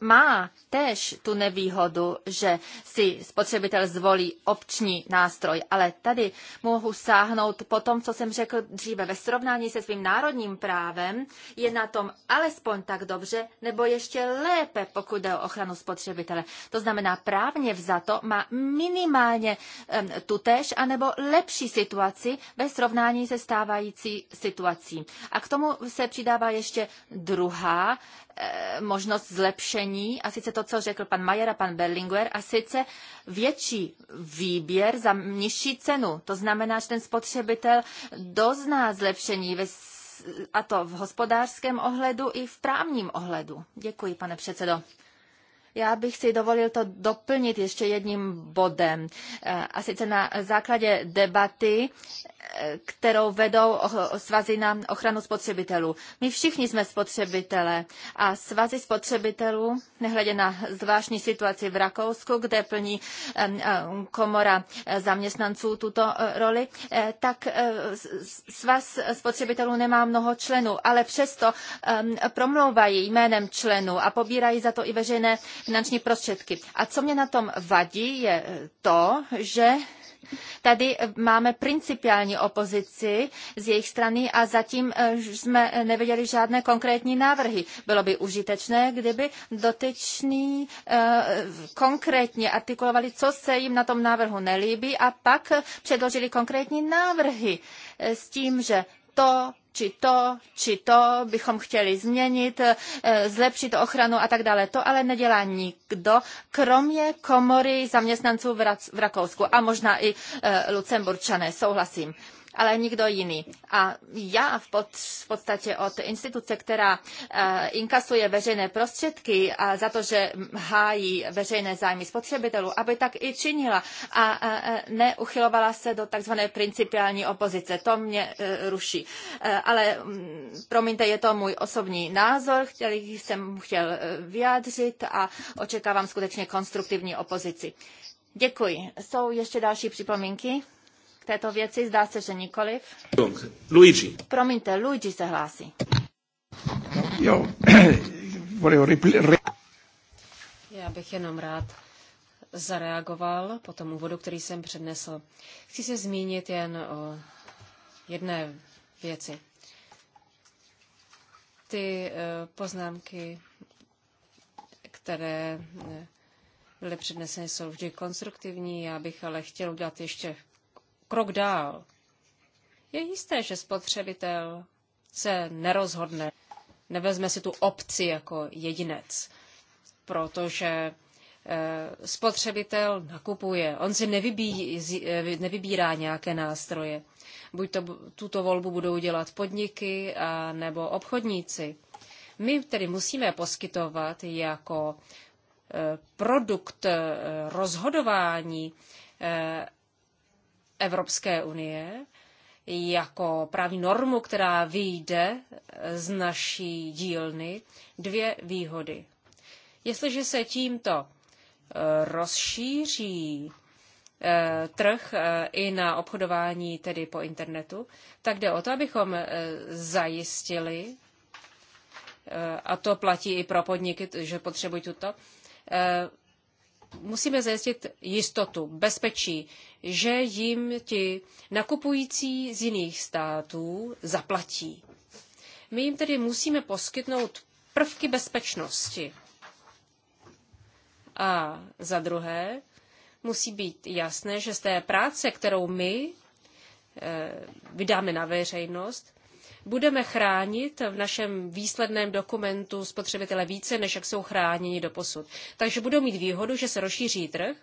má též tu nevýhodu, že si spotřebitel zvolí obční nástroj, ale tady mohu sáhnout po tom, co jsem řekl dříve. Ve srovnání se svým národním právem je na tom alespoň tak dobře, nebo ještě lépe, pokud jde o ochranu spotřebitele. To znamená, právně vzato má minimálně um, tutéž anebo lepší situaci ve srovnání se stávající situací. A k tomu se přidává ještě druhá Eh, možnost zlepšení, a sice to, co řekl pan Majer a pan Berlinguer, a sice větší výběr za nižší cenu. To znamená, že ten spotřebitel dozná zlepšení ve a to v hospodářském ohledu i v právním ohledu. Děkuji, pane předsedo. Já bych si dovolil to doplnit ještě jedním bodem. Eh, a sice na základě debaty, eh, kterou vedou svazy na ochranu spotřebitelů. My všichni jsme spotřebitele a svazy spotřebitelů, nehledě na zvláštní situaci v Rakousku, kde plní eh, komora zaměstnanců tuto roli, tak svaz spotřebitelů nemá mnoho členů, ale přesto promlouvají jménem členů a pobírají za to i veřejné finanční prostředky. A co mě na tom vadí, je to, že Tady máme principiální opozici z jejich strany a zatím eh, jsme neviděli žádné konkrétní návrhy. Bylo by užitečné, kdyby dotyční eh, konkrétně artikulovali, co se jim na tom návrhu nelíbí a pak předložili konkrétní návrhy eh, s tím, že to či to, či to bychom chtěli změnit, eh, zlepšit ochranu a tak dále. To ale nedělá nikdo, kromě komory zaměstnanců v Rakousku a možná i eh, Lucemburčané, souhlasím ale nikdo jiný. A já v, pod, v podstatě od instituce, která e, inkasuje veřejné prostředky a za to, že hájí veřejné zájmy spotřebitelů, aby tak i činila a e, neuchylovala se do takzvané principiální opozice. To mě e, ruší. E, ale mm, promiňte, je to můj osobní názor, který jsem chtěl eh, vyjádřit a očekávám skutečně konstruktivní opozici. Děkuji. Jsou ještě další připomínky k této věci? Zdá se, že nikoliv. Luigi. Promiňte, Luigi se hlásí. Jo, *clears throat* já bych jenom rád zareagoval po tom úvodu, který jsem přednesl. Chci se zmínit jen o jedné věci ty eh, poznámky, které eh, byly předneseny, jsou vždy konstruktivní. Já bych ale chtěl udělat ještě krok dál. Je jisté, že spotřebitel se nerozhodne, nevezme si tu opci jako jedinec, protože Eh, spotřebitel nakupuje. On si nevybí, eh, nevybírá nějaké nástroje. Buď to, tuto volbu budou dělat podniky a, nebo obchodníci. My tedy musíme poskytovat jako eh, produkt rozhodování Evropské unie jako právní normu, která vyjde z naší dílny, dvě výhody. Jestliže se tímto Eh, rozšíří eh, trh eh, i na obchodování tedy po internetu, tak jde o to, abychom zajistili, a to platí i pro podniky, že potřebují tuto, musíme zajistit jistotu, bezpečí, že jim ti nakupující z jiných států zaplatí. My jim tedy musíme poskytnout prvky bezpečnosti a za druhé, musí být jasné, že z té práce, kterou my eh, vydáme na veřejnost, budeme chránit v našem výsledném dokumentu spotřebitele více, než jak jsou chráněni do posud. Takže budou mít výhodu, že se rozšíří trh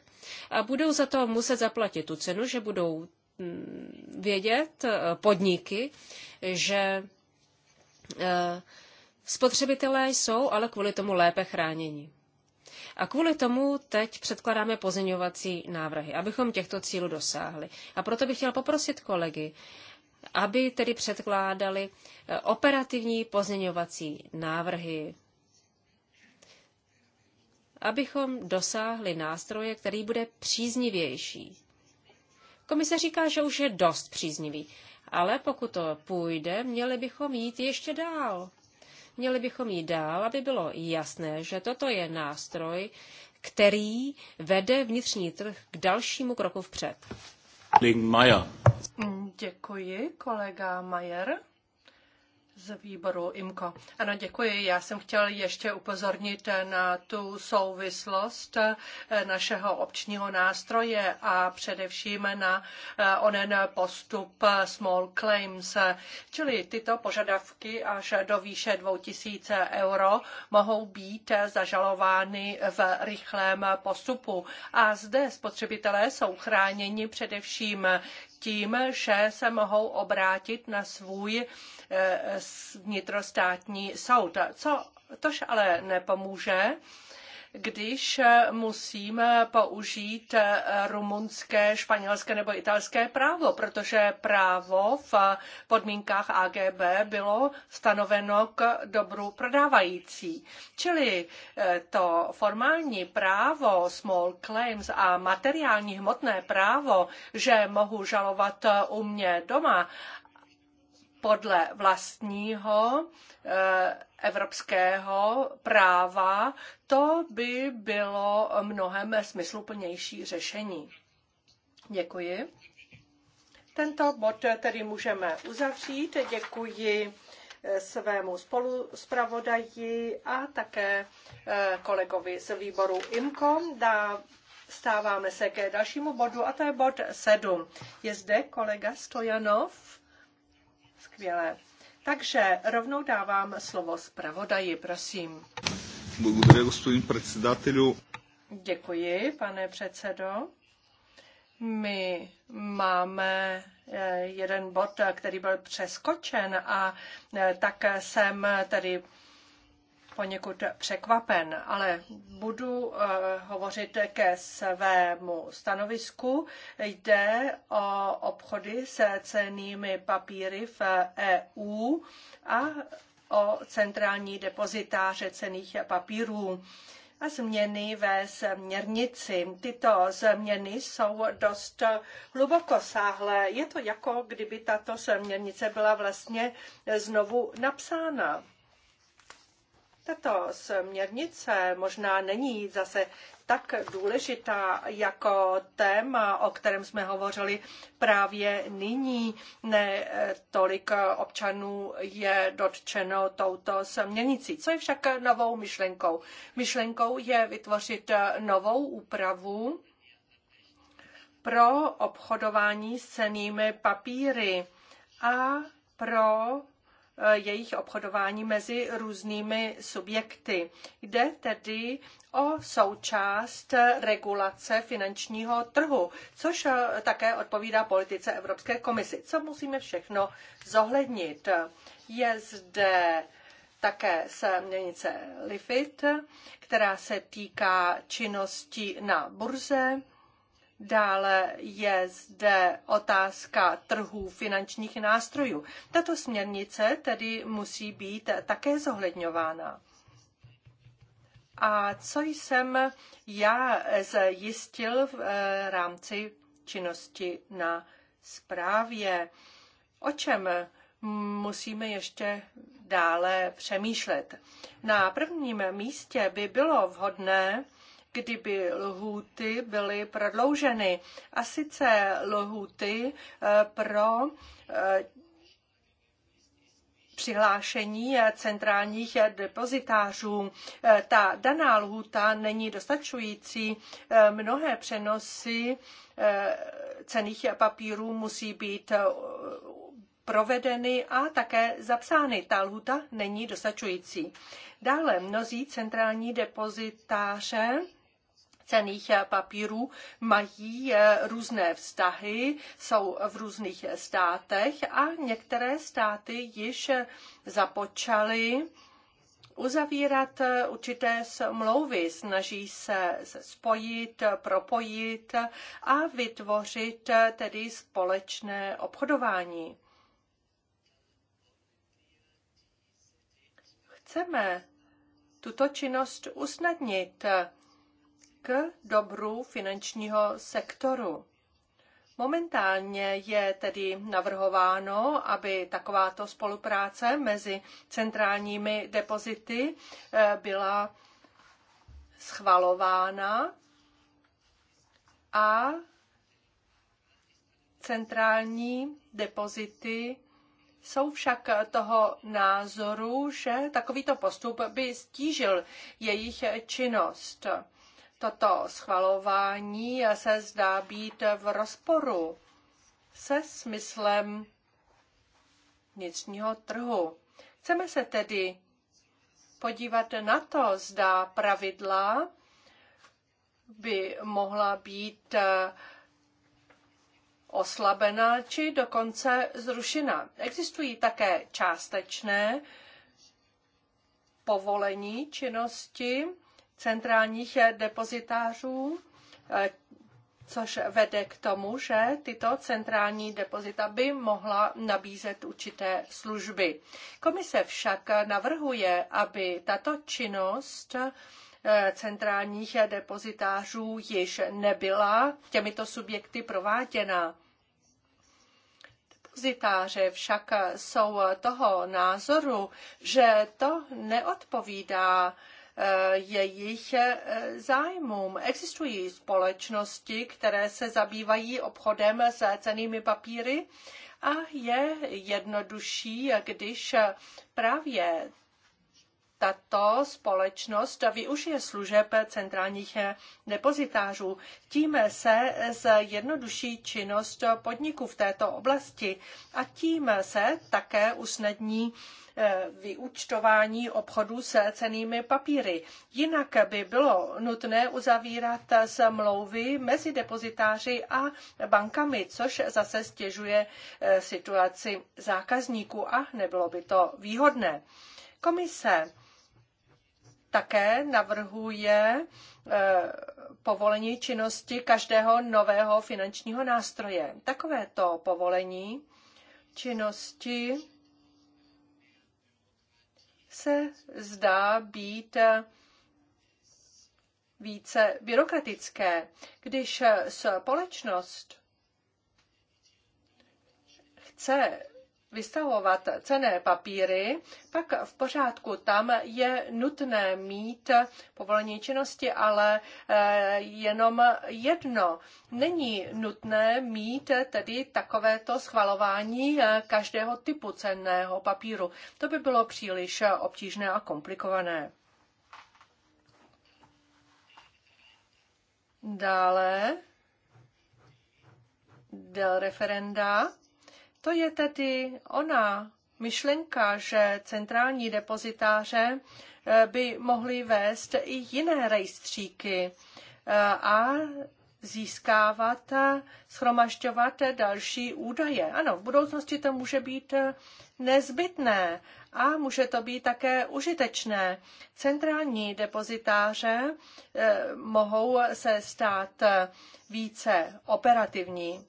a budou za to muset zaplatit tu cenu, že budou mm, vědět eh, podniky, že eh, spotřebitelé jsou ale kvůli tomu lépe chráněni. A kvůli tomu teď předkládáme pozměňovací návrhy, abychom těchto cílů dosáhli. A proto bych chtěl poprosit kolegy, aby tedy předkládali eh, operativní pozměňovací návrhy, abychom dosáhli nástroje, který bude příznivější. Komise říká, že už je dost příznivý, ale pokud to půjde, měli bychom jít ještě dál. Měli bychom jít dál, aby bylo jasné, že toto je nástroj, který vede vnitřní trh k dalšímu kroku vpřed. Děkuji, kolega Majer z výboru IMKO. Ano, děkuji. Já jsem chtěl ještě upozornit na tu souvislost eh, našeho občního nástroje a především na eh, onen postup eh, small claims. Čili tyto požadavky až do výše 2000 euro mohou být zažalovány v rychlém postupu. A zde spotřebitelé jsou chráněni především tím, že se mohou obrátit na svůj eh, vnitrostátní soud. Co, tož ale nepomůže, když eh, musím eh, použít eh, rumunské, španělské nebo italské právo, protože právo v podmínkách AGB bylo stanoveno k dobru prodávající. Čili to formální právo small claims a materiální hmotné právo, že mohu žalovat u mě doma podle vlastního eh, evropského práva, to by bylo mnohem smysluplnější řešení. Děkuji. Tento bod tedy můžeme uzavřít. Děkuji eh, svému spoluzpravodaji a také eh, kolegovi z výboru IMCO. Dá Stáváme se ke dalšímu bodu a to je bod 7. Je zde kolega Stojanov. Skvělé. Takže rovnou dávám slovo zpravodaji, prosím. Děkuji, pane předsedo. My máme eh, jeden bod, který byl přeskočen a eh, tak jsem tedy poněkud překvapen, ale budu eh, hovořit ke svému stanovisku. Jde o obchody se cenými papíry v EU a o centrální depozitáře cených papírů a změny ve směrnici. Tyto změny jsou dost hlubokosáhlé. Je to jako kdyby tato směrnice byla vlastně znovu napsána. Tato směrnice možná není zase tak důležitá jako téma, o kterém jsme hovořili právě nyní. Ne tolik občanů je dotčeno touto směrnicí. Co je však novou myšlenkou? Myšlenkou je vytvořit novou úpravu pro obchodování s cenými papíry a pro Eh, jejich obchodování mezi různými subjekty. Jde tedy o součást regulace finančního trhu, což eh, také odpovídá politice Evropské komisy. Co musíme všechno zohlednit? Je zde také směrnice LIFIT, která se týká činnosti na burze Dále je zde otázka trhů finančních nástrojů. Tato směrnice tedy musí být také zohledňována. A co jsem já zjistil v eh, rámci činnosti na správě? O čem musíme ještě dále přemýšlet? Na prvním místě by bylo vhodné kdyby lhůty byly prodlouženy. A sice lhůty eh, pro eh, přihlášení eh, centrálních depozitářů. Ta daná lhůta není dostačující. Mnohé přenosy cených papírů musí být provedeny a také zapsány. Ta lhuta není dostačující. Dále mnozí centrální depozitáře cených eh, papírů mají eh, různé vztahy, jsou v různých státech a některé státy již eh, započaly uzavírat určité smlouvy, snaží se spojit, propojit a vytvořit tedy společné obchodování. Chceme tuto činnost usnadnit k dobru finančního sektoru. Momentálně je tedy navrhováno, aby takováto spolupráce mezi centrálními depozity eh, byla schvalována a centrální depozity jsou však toho názoru, že takovýto postup by stížil jejich činnost. Toto schvalování se zdá být v rozporu se smyslem vnitřního trhu. Chceme se tedy podívat na to, zda pravidla by mohla být eh, oslabena či dokonce zrušena. Existují také částečné povolení činnosti centrálních depozitářů, eh, což vede k tomu, že tyto centrální depozita by mohla nabízet určité služby. Komise však navrhuje, aby tato činnost eh, centrálních depozitářů již nebyla těmito subjekty prováděna. Depozitáře však jsou toho názoru, že to neodpovídá jejich eh, zájmům. Existují společnosti, které se zabývají obchodem s cenými papíry a je jednodušší, když právě tato společnost využije služeb centrálních depozitářů. Tím se zjednoduší činnost podniků v této oblasti a tím se také usnadní eh, vyúčtování obchodů s cenými papíry. Jinak by bylo nutné uzavírat smlouvy mezi depozitáři a bankami, což zase stěžuje eh, situaci zákazníků a nebylo by to výhodné. Komise také navrhuje eh, povolení činnosti každého nového finančního nástroje. Takovéto povolení činnosti se zdá být eh, více byrokratické, když společnost chce vystavovat cené papíry, pak v pořádku tam je nutné mít povolení činnosti, ale eh, jenom jedno. Není nutné mít tedy takovéto schvalování eh, každého typu cenného papíru. To by bylo příliš obtížné a komplikované. Dále del referenda to je tedy ona myšlenka, že centrální depozitáře eh, by mohly vést i jiné rejstříky eh, a získávat, eh, schromažďovat další údaje. Ano, v budoucnosti to může být nezbytné a může to být také užitečné. Centrální depozitáře mohou se stát více operativní.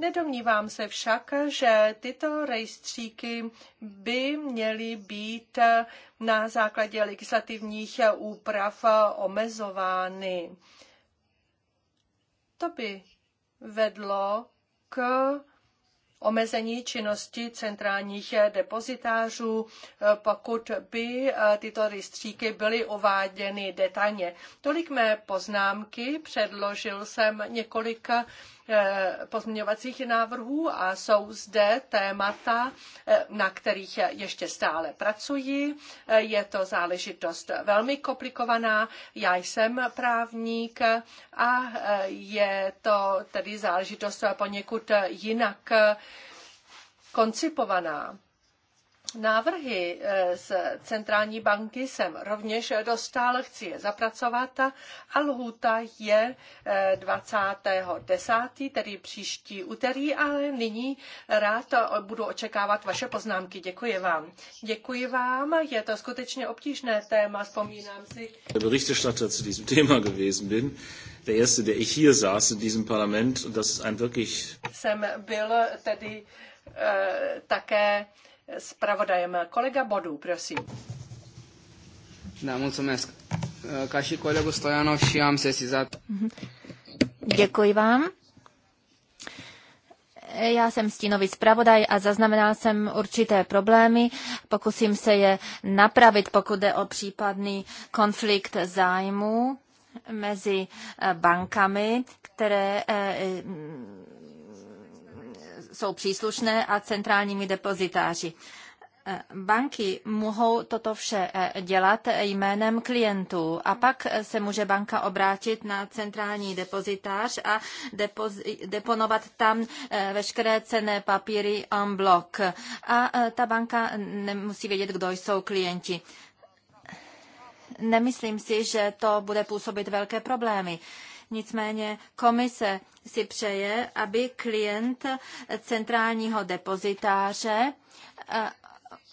Nedomnívám se však, že tyto rejstříky by měly být na základě legislativních úprav omezovány. To by vedlo k omezení činnosti centrálních depozitářů, pokud by tyto rejstříky byly uváděny detailně. Tolik mé poznámky, předložil jsem několik Eh, pozměňovacích návrhů a jsou zde témata, eh, na kterých ještě stále pracuji. Eh, je to záležitost velmi komplikovaná. Já jsem právník a je to tedy záležitost poněkud jinak koncipovaná. Návrhy eh, z centrální banky jsem rovněž dostal, chci je zapracovat a lhůta je 20.10., eh, tedy příští úterý, ale nyní rád eh, budu očekávat vaše poznámky. Děkuji vám. Děkuji vám, je to skutečně obtížné téma, vzpomínám si. Berichterstatter zu diesem Thema gewesen bin, der erste, der ich hier saß in diesem Parlament, und das ist ein wirklich... Jsem byl tedy také zpravodajem. Kolega Bodu, prosím. Da, mulțumesc. Ca și colegul Stojanov și am sesizat. Mhm. Děkuji vám. Já jsem stínový zpravodaj a zaznamenal jsem určité problémy. Pokusím se je napravit, pokud jde o případný konflikt zájmů mezi eh, bankami, které eh, jsou příslušné a centrálními depozitáři. Eh, banky mohou toto vše eh, dělat jménem klientů a pak se může banka obrátit na centrální depozitář a depozi- deponovat tam eh, veškeré cené papíry en bloc. A ta banka nemusí vědět, kdo jsou klienti. Nemyslím si, že to bude působit velké problémy. Nicméně komise si přeje, aby klient centrálního depozitáře eh,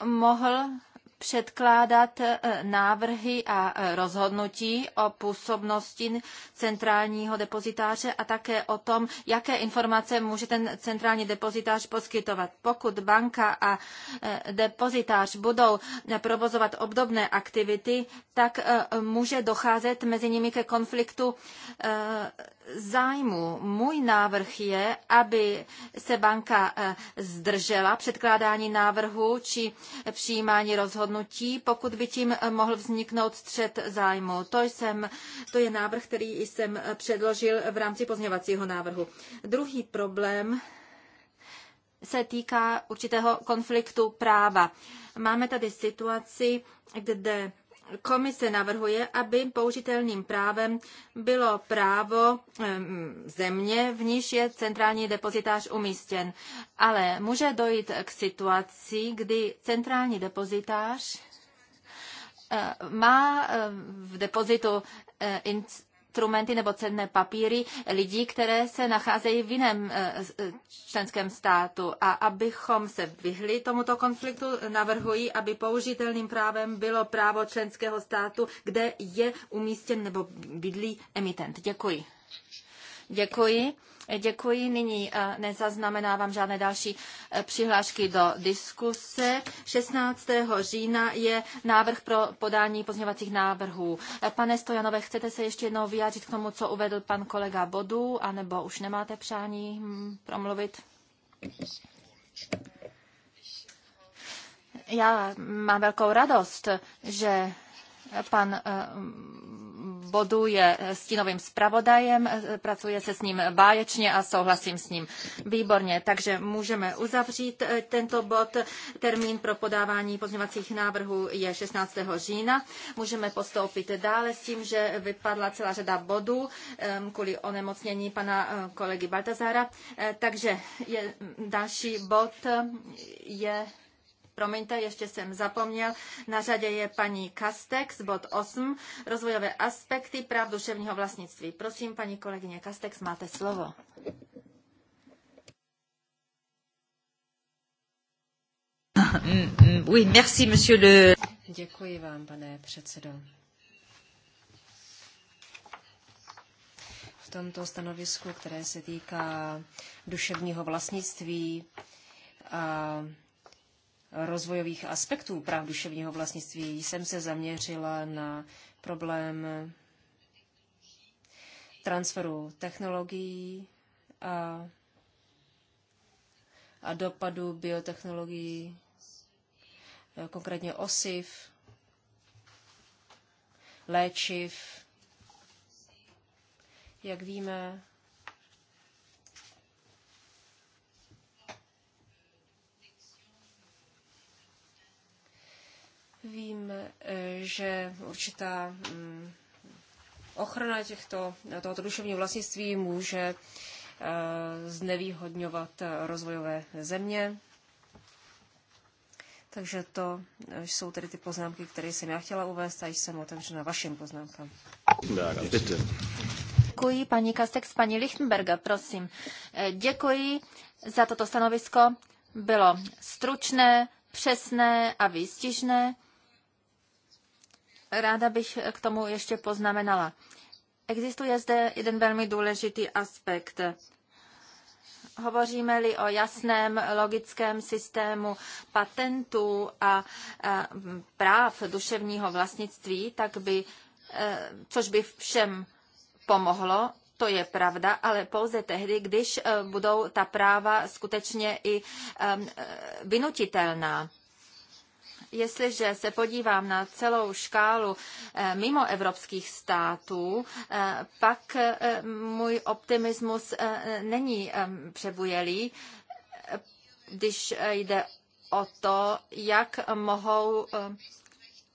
mohl předkládat eh, návrhy a eh, rozhodnutí o působnosti centrálního depozitáře a také o tom, jaké informace může ten centrální depozitář poskytovat. Pokud banka a eh, depozitář budou provozovat obdobné aktivity, tak může docházet mezi nimi ke konfliktu zájmu. Můj návrh je, aby se banka eh, zdržela předkládání návrhu či přijímání rozhodnutí, pokud by tím eh, mohl vzniknout střed zájmu. To, jsem, to je návrh, který jsem eh, předložil v rámci pozměvacího návrhu. Druhý problém se týká určitého konfliktu práva. Máme tady situaci, kde Komise navrhuje, aby použitelným právem bylo právo země, v níž je centrální depozitář umístěn. Ale může dojít k situaci, kdy centrální depozitář eh, má eh, v depozitu eh, instrumenty nebo cenné papíry lidí, které se nacházejí v jiném eh, eh, členském státu. A abychom se vyhli tomuto konfliktu, navrhuji, aby použitelným právem bylo právo členského státu, kde je umístěn nebo bydlí emitent. Děkuji. Děkuji. Děkuji. Nyní eh, nezaznamenávám žádné další eh, přihlášky do diskuse. 16. října je návrh pro podání pozměňovacích návrhů. Eh, pane Stojanové, chcete se ještě jednou vyjádřit k tomu, co uvedl pan kolega Bodu, anebo už nemáte přání hm, promluvit? Já mám velkou radost, že pan bodu je stínovým zpravodajem, pracuje se s ním báječně a souhlasím s ním. Výborně, takže můžeme uzavřít eh, tento bod. Termín pro podávání pozměňovacích návrhů je 16. října. Můžeme postoupit dále s tím, že vypadla celá řada bodů kvůli onemocnění pana eh, kolegy Baltazára. Eh, takže je, další bod je Promiňte, ještě jsem zapomněl. Na řadě je paní Kastex, bod 8, rozvojové aspekty práv duševního vlastnictví. Prosím, paní kolegyně Kastex, máte slovo. Oui, merci, monsieur le... Děkuji vám, pane předsedo. V tomto stanovisku, které se týká duševního vlastnictví a rozvojových aspektů práv duševního vlastnictví jsem se zaměřila na problém transferu technologií a, a dopadu biotechnologií, konkrétně osiv, léčiv. Jak víme, Vím, eh, že určitá mm, ochrana těchto, tohoto duševního vlastnictví může eh, znevýhodňovat eh, rozvojové země. Takže to jsou tedy ty poznámky, které jsem já chtěla uvést a jsem otevřena vašim poznámkám. Děkuji paní z paní Lichtenberga, prosím. Děkuji za toto stanovisko. Bylo stručné, přesné a výstižné. Ráda bych k tomu ještě poznamenala. Existuje zde jeden velmi důležitý aspekt. Hovoříme-li o jasném logickém systému patentů a práv duševního vlastnictví, tak by, e, což by všem pomohlo, to je pravda, ale pouze tehdy, když e, budou ta práva skutečně i e, vynutitelná. Jestliže se podívám na celou škálu eh, mimo evropských států, eh, pak eh, můj optimismus není přebujelý, když jde o to, jak mohou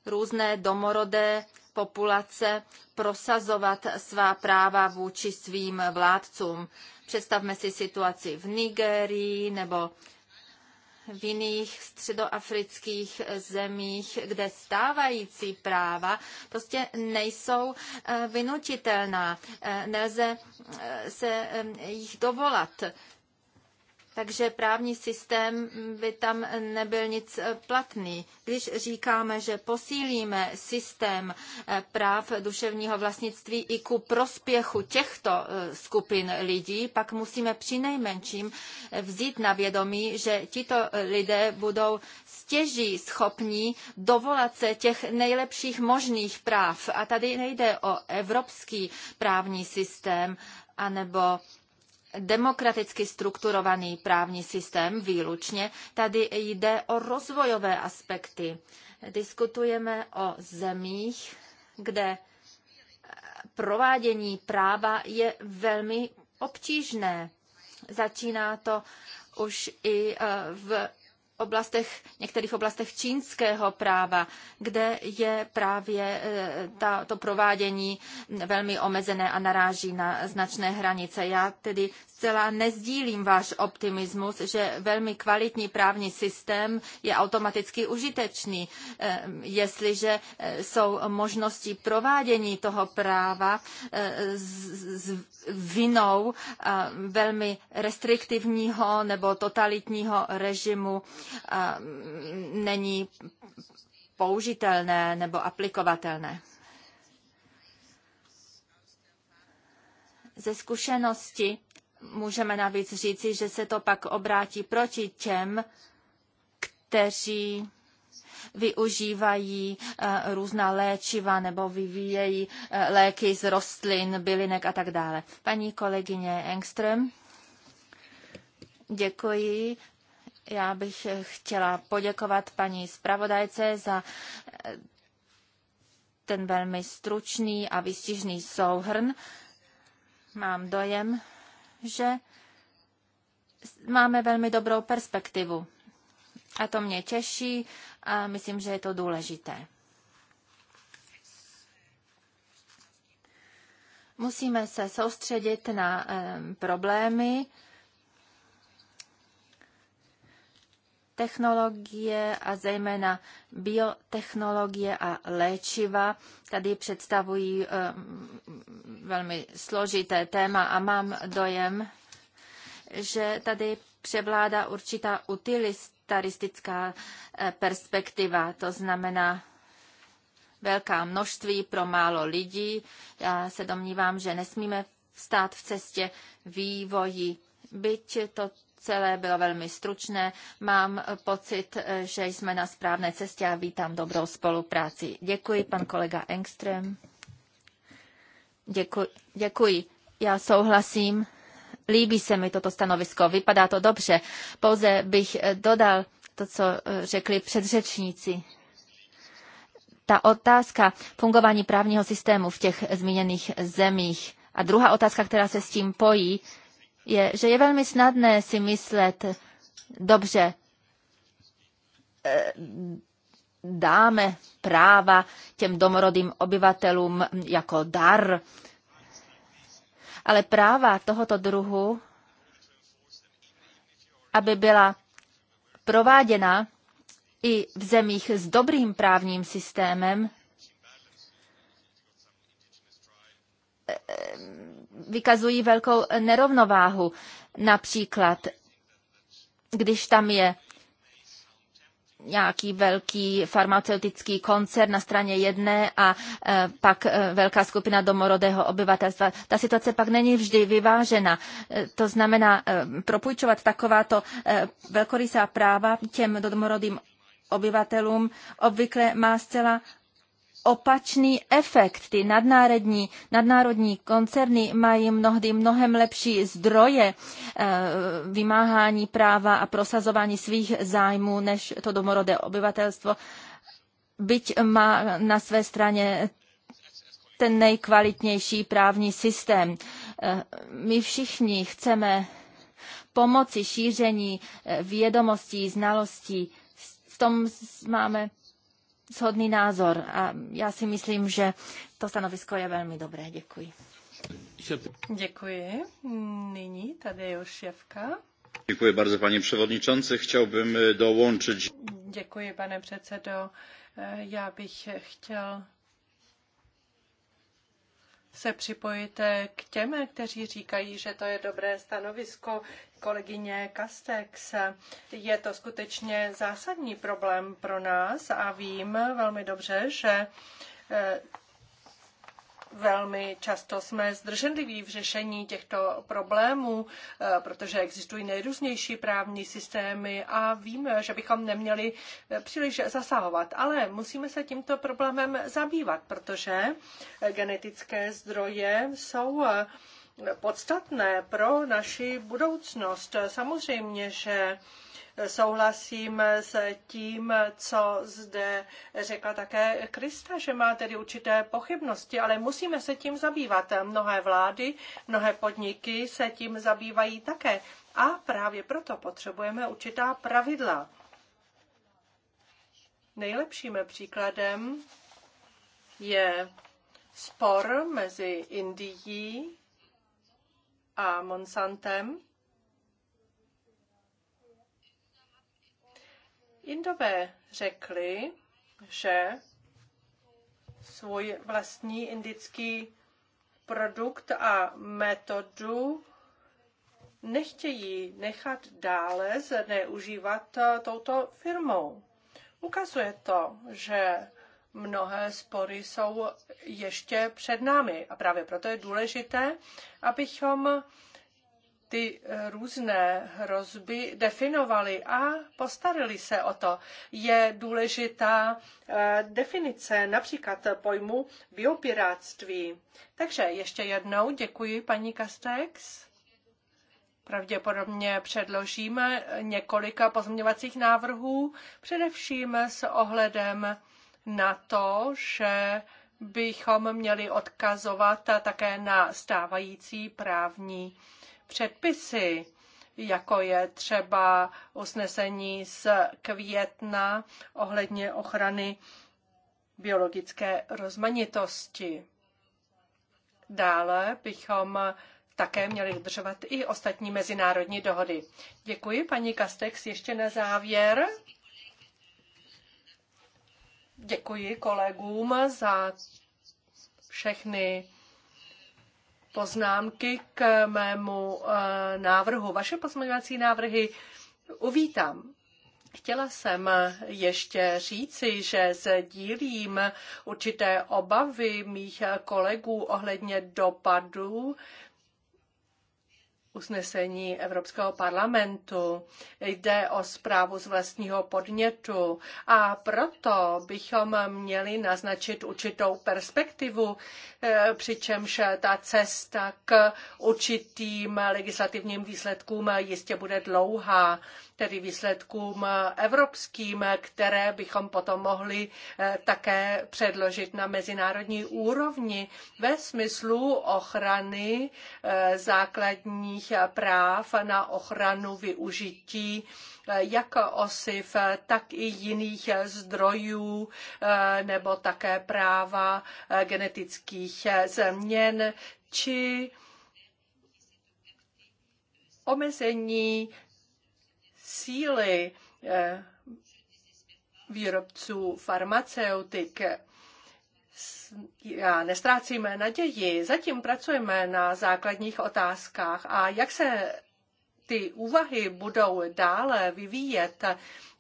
různé domorodé populace prosazovat svá práva vůči svým vládcům. Představme si situaci v Nigerii nebo v jiných středoafrických zemích, kde stávající práva prostě nejsou eh, vynutitelná. Eh, nelze eh, se jich dovolat. Takže právní systém by tam nebyl nic eh, platný. Když říkáme, že posílíme systém eh, práv duševního vlastnictví i ku prospěchu těchto eh, skupin lidí, pak musíme přinejmenším vzít na vědomí, že tito lidé budou stěží schopní dovolat se těch nejlepších možných práv. A tady nejde o evropský právní systém, anebo demokraticky strukturovaný právní systém výlučně. Tady jde o rozvojové aspekty. Diskutujeme o zemích, kde provádění práva je velmi obtížné. Začíná to už i eh, v oblastech, některých oblastech čínského práva, kde je právě eh, ta, to provádění velmi omezené a naráží na značné hranice. Já tedy zcela nezdílím váš optimismus, že velmi kvalitní právní systém je automaticky užitečný, eh, jestliže eh, jsou možnosti provádění toho práva s vinou velmi restriktivního nebo totalitního režimu Mm, není použitelné nebo aplikovatelné. Ze zkušenosti můžeme navíc říci, že se to pak obrátí proti těm, kteří využívají e, různá léčiva nebo vyvíjejí e, léky z rostlin, bylinek a tak dále. Paní kolegyně Engström. Děkuji. Já bych eh, chtěla poděkovat paní zpravodajce za eh, ten velmi stručný a vystižný souhrn. Mám dojem, že máme velmi dobrou perspektivu. A to mě těší a myslím, že je to důležité. Musíme se soustředit na eh, problémy, technologie a zejména biotechnologie a léčiva tady představují eh, velmi složité téma a mám dojem, že tady převládá určitá utilitaristická eh, perspektiva, to znamená velká množství pro málo lidí. Já se domnívám, že nesmíme stát v cestě vývoji, byť to celé bylo velmi stručné. Mám pocit, že jsme na správné cestě a vítám dobrou spolupráci. Děkuji, pan kolega Engström. Děkuji. Děkuji. Já souhlasím. Líbí se mi toto stanovisko, vypadá to dobře. Pouze bych dodal to, co řekli předřečníci. Ta otázka fungování právního systému v těch zmíněných zemích. A druhá otázka, která se s tím pojí, je, že je velmi snadné si myslet, dobře, eh, dáme práva těm domorodým obyvatelům jako dar, ale práva tohoto druhu, aby byla prováděna i v zemích s dobrým právním systémem, vykazují velkou nerovnováhu. Například, když tam je nějaký velký farmaceutický koncern na straně jedné a e, pak e, velká skupina domorodého obyvatelstva. Ta situace pak není vždy vyvážena. E, to znamená propůjčovat takováto velkorysá práva těm domorodým obyvatelům obvykle má zcela opačný efekt. Ty nadnárodní, nadnárodní koncerny mají mnohdy mnohem lepší zdroje eh, vymáhání práva a prosazování svých zájmů než to domorodé obyvatelstvo, byť má na své straně ten nejkvalitnější právní systém. Eh, my všichni chceme pomoci šíření eh, vědomostí, znalostí. V tom máme shodný názor a já si myslím, že to stanovisko je velmi dobré. Děkuji. Děkuji. Nyní tady je Ševka. Děkuji bardzo, panie Chtěl bych eh, dołączyć. Děkuji, pane předsedo. Eh, já bych chtěl se připojit eh, k těm, kteří říkají, že to je dobré stanovisko kolegyně Kastex. Je to skutečně zásadní problém pro nás a vím velmi dobře, že eh, velmi často jsme zdrženliví v řešení těchto problémů, eh, protože existují nejrůznější právní systémy a víme, že bychom neměli eh, příliš zasahovat. Ale musíme se tímto problémem zabývat, protože genetické zdroje jsou podstatné pro naši budoucnost. Samozřejmě, že souhlasím s tím, co zde řekla také Krista, že má tedy určité pochybnosti, ale musíme se tím zabývat. Mnohé vlády, mnohé podniky se tím zabývají také. A právě proto potřebujeme určitá pravidla. Nejlepším příkladem je spor mezi Indií a Monsantem. Indové řekli, že svůj vlastní indický produkt a metodu nechtějí nechat dále zneužívat touto firmou. Ukazuje to, že mnohé spory jsou ještě před námi. A právě proto je důležité, abychom ty různé hrozby definovali a postarili se o to. Je důležitá eh, definice například pojmu biopiráctví. Takže ještě jednou děkuji paní Kastex. Pravděpodobně předložíme několika pozměňovacích návrhů, především s ohledem na to, že bychom měli odkazovat také na stávající právní předpisy, jako je třeba usnesení z května ohledně ochrany biologické rozmanitosti. Dále bychom také měli dodržovat i ostatní mezinárodní dohody. Děkuji, paní Kastex, ještě na závěr. Děkuji kolegům za všechny poznámky k mému eh, návrhu. Vaše pozměňovací návrhy uvítám. Chtěla jsem ještě říci, že sdílím určité obavy mých kolegů ohledně dopadů usnesení Evropského parlamentu. Jde o zprávu z vlastního podnětu a proto bychom měli naznačit určitou perspektivu, eh, přičemž ta cesta k určitým legislativním výsledkům jistě bude dlouhá tedy výsledkům evropským, které bychom potom mohli eh, také předložit na mezinárodní úrovni ve smyslu ochrany eh, základních práv na ochranu využití eh, jak osiv, tak i jiných zdrojů nebo také práva genetických změn či omezení síly eh, výrobců farmaceutik. Já nestrácíme naději, zatím pracujeme na základních otázkách a jak se ty úvahy budou dále vyvíjet,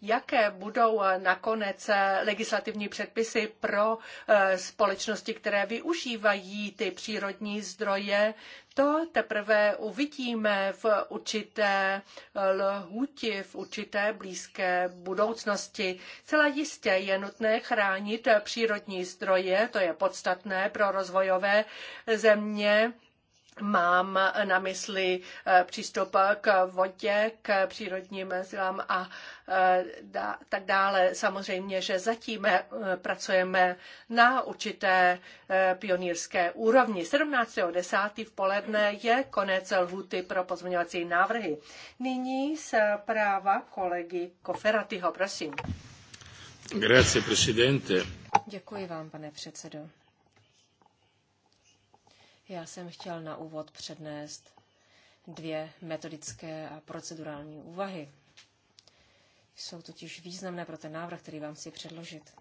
jaké budou nakonec legislativní předpisy pro eh, společnosti, které využívají ty přírodní zdroje, to teprve uvidíme v určité eh, lhůti, v určité blízké budoucnosti. Celá jistě je nutné chránit přírodní zdroje, to je podstatné pro rozvojové země Mám na mysli eh, přístup k vodě, k přírodním zdrojům a eh, tak dále. Samozřejmě, že zatím eh, pracujeme na určité pionýrské úrovni. 17.10. v poledne je konec lhuty pro pozměňovací návrhy. Nyní se práva kolegy Koferatyho, prosím. Grazie, presidente. Děkuji vám, pane předsedo. Já jsem chtěl na úvod přednést dvě metodické a procedurální úvahy. Jsou totiž významné pro ten návrh, který vám chci předložit.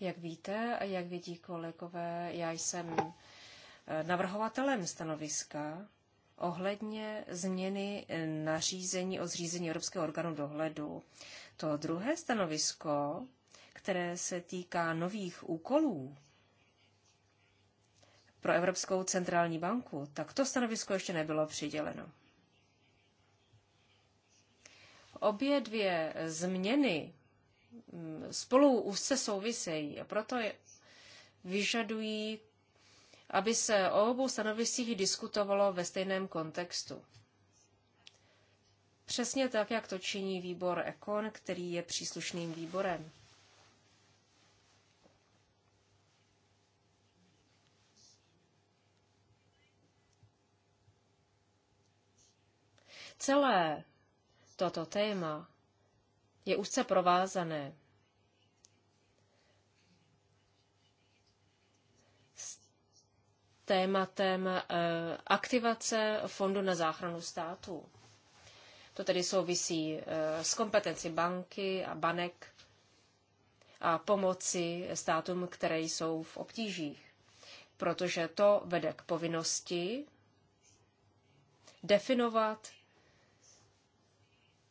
Jak víte a jak vidí kolegové, já jsem eh, navrhovatelem stanoviska ohledně změny nařízení o zřízení Evropského orgánu dohledu. To druhé stanovisko, které se týká nových úkolů pro Evropskou centrální banku, tak to stanovisko ještě nebylo přiděleno. Obě dvě změny mm, spolu úzce souvisejí a proto je, vyžadují, aby se o obou stanoviscích diskutovalo ve stejném kontextu. Přesně tak, jak to činí výbor Ekon, který je příslušným výborem. Celé toto téma je úzce provázané s tématem eh, aktivace Fondu na záchranu státu. To tedy souvisí eh, s kompetenci banky a banek a pomoci státům, které jsou v obtížích, protože to vede k povinnosti definovat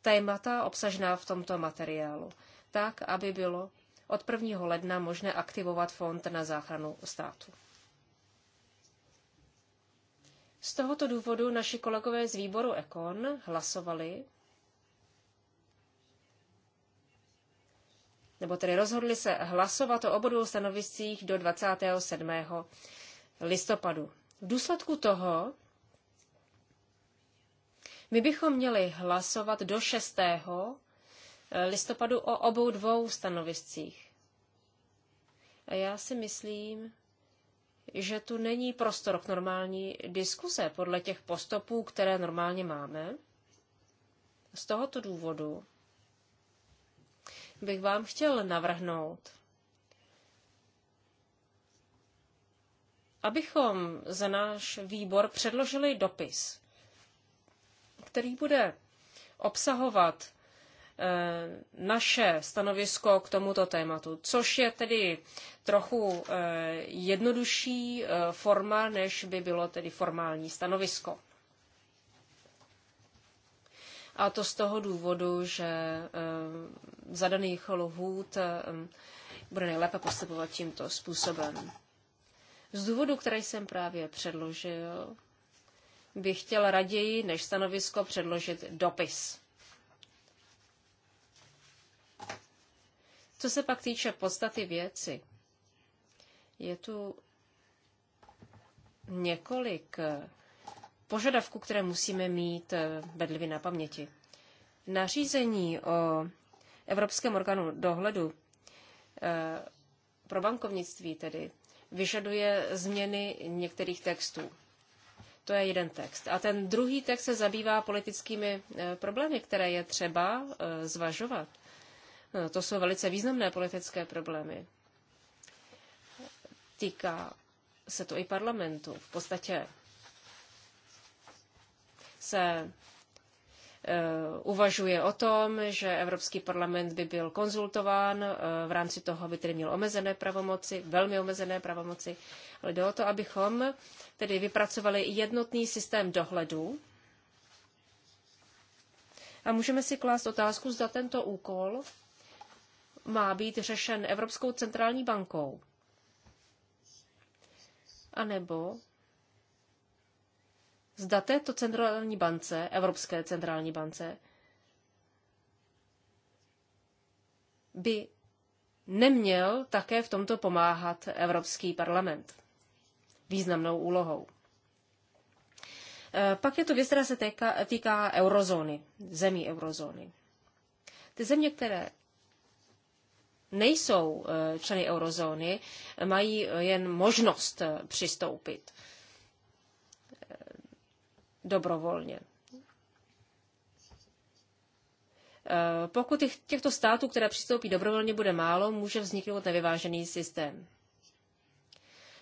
témata obsažená v tomto materiálu, tak, aby bylo od 1. ledna možné aktivovat fond na záchranu státu. Z tohoto důvodu naši kolegové z výboru Ekon hlasovali, nebo tedy rozhodli se hlasovat o obou stanoviscích do 27. listopadu. V důsledku toho my bychom měli hlasovat do 6. Eh, listopadu o obou dvou stanoviscích. A já si myslím, že tu není prostor k normální diskuse podle těch postupů, které normálně máme. Z tohoto důvodu bych vám chtěl navrhnout, abychom za náš výbor předložili dopis který bude obsahovat eh, naše stanovisko k tomuto tématu, což je tedy trochu eh, jednodušší eh, forma, než by bylo tedy formální stanovisko. A to z toho důvodu, že zadaných lhůt bude nejlépe postupovat tímto způsobem. Z důvodu, který jsem právě předložil, bych chtěl raději než stanovisko předložit dopis. Co se pak týče podstaty věci, je tu několik požadavků, které musíme mít eh, bedlivě na paměti. Nařízení o Evropském orgánu dohledu eh, pro bankovnictví tedy vyžaduje změny některých textů. To je jeden text. A ten druhý text se zabývá politickými eh, problémy, které je třeba eh, zvažovat. No, to jsou velice významné politické problémy. Týká se to i parlamentu. V podstatě se Eh, uvažuje o tom, že Evropský parlament by byl konzultován, eh, v rámci toho by tedy měl omezené pravomoci, velmi omezené pravomoci, ale jde o to, abychom tedy vypracovali jednotný systém dohledu. A můžeme si klást otázku, zda tento úkol má být řešen Evropskou centrální bankou. A nebo zda této centrální bance, Evropské centrální bance, by neměl také v tomto pomáhat Evropský parlament významnou úlohou. Eh, pak je to věc, která se týká, týká eurozóny, zemí eurozóny. Ty země, které nejsou eh, členy eurozóny, mají jen možnost eh, přistoupit dobrovolně. Eh, pokud těchto států, které přistoupí dobrovolně, bude málo, může vzniknout nevyvážený systém.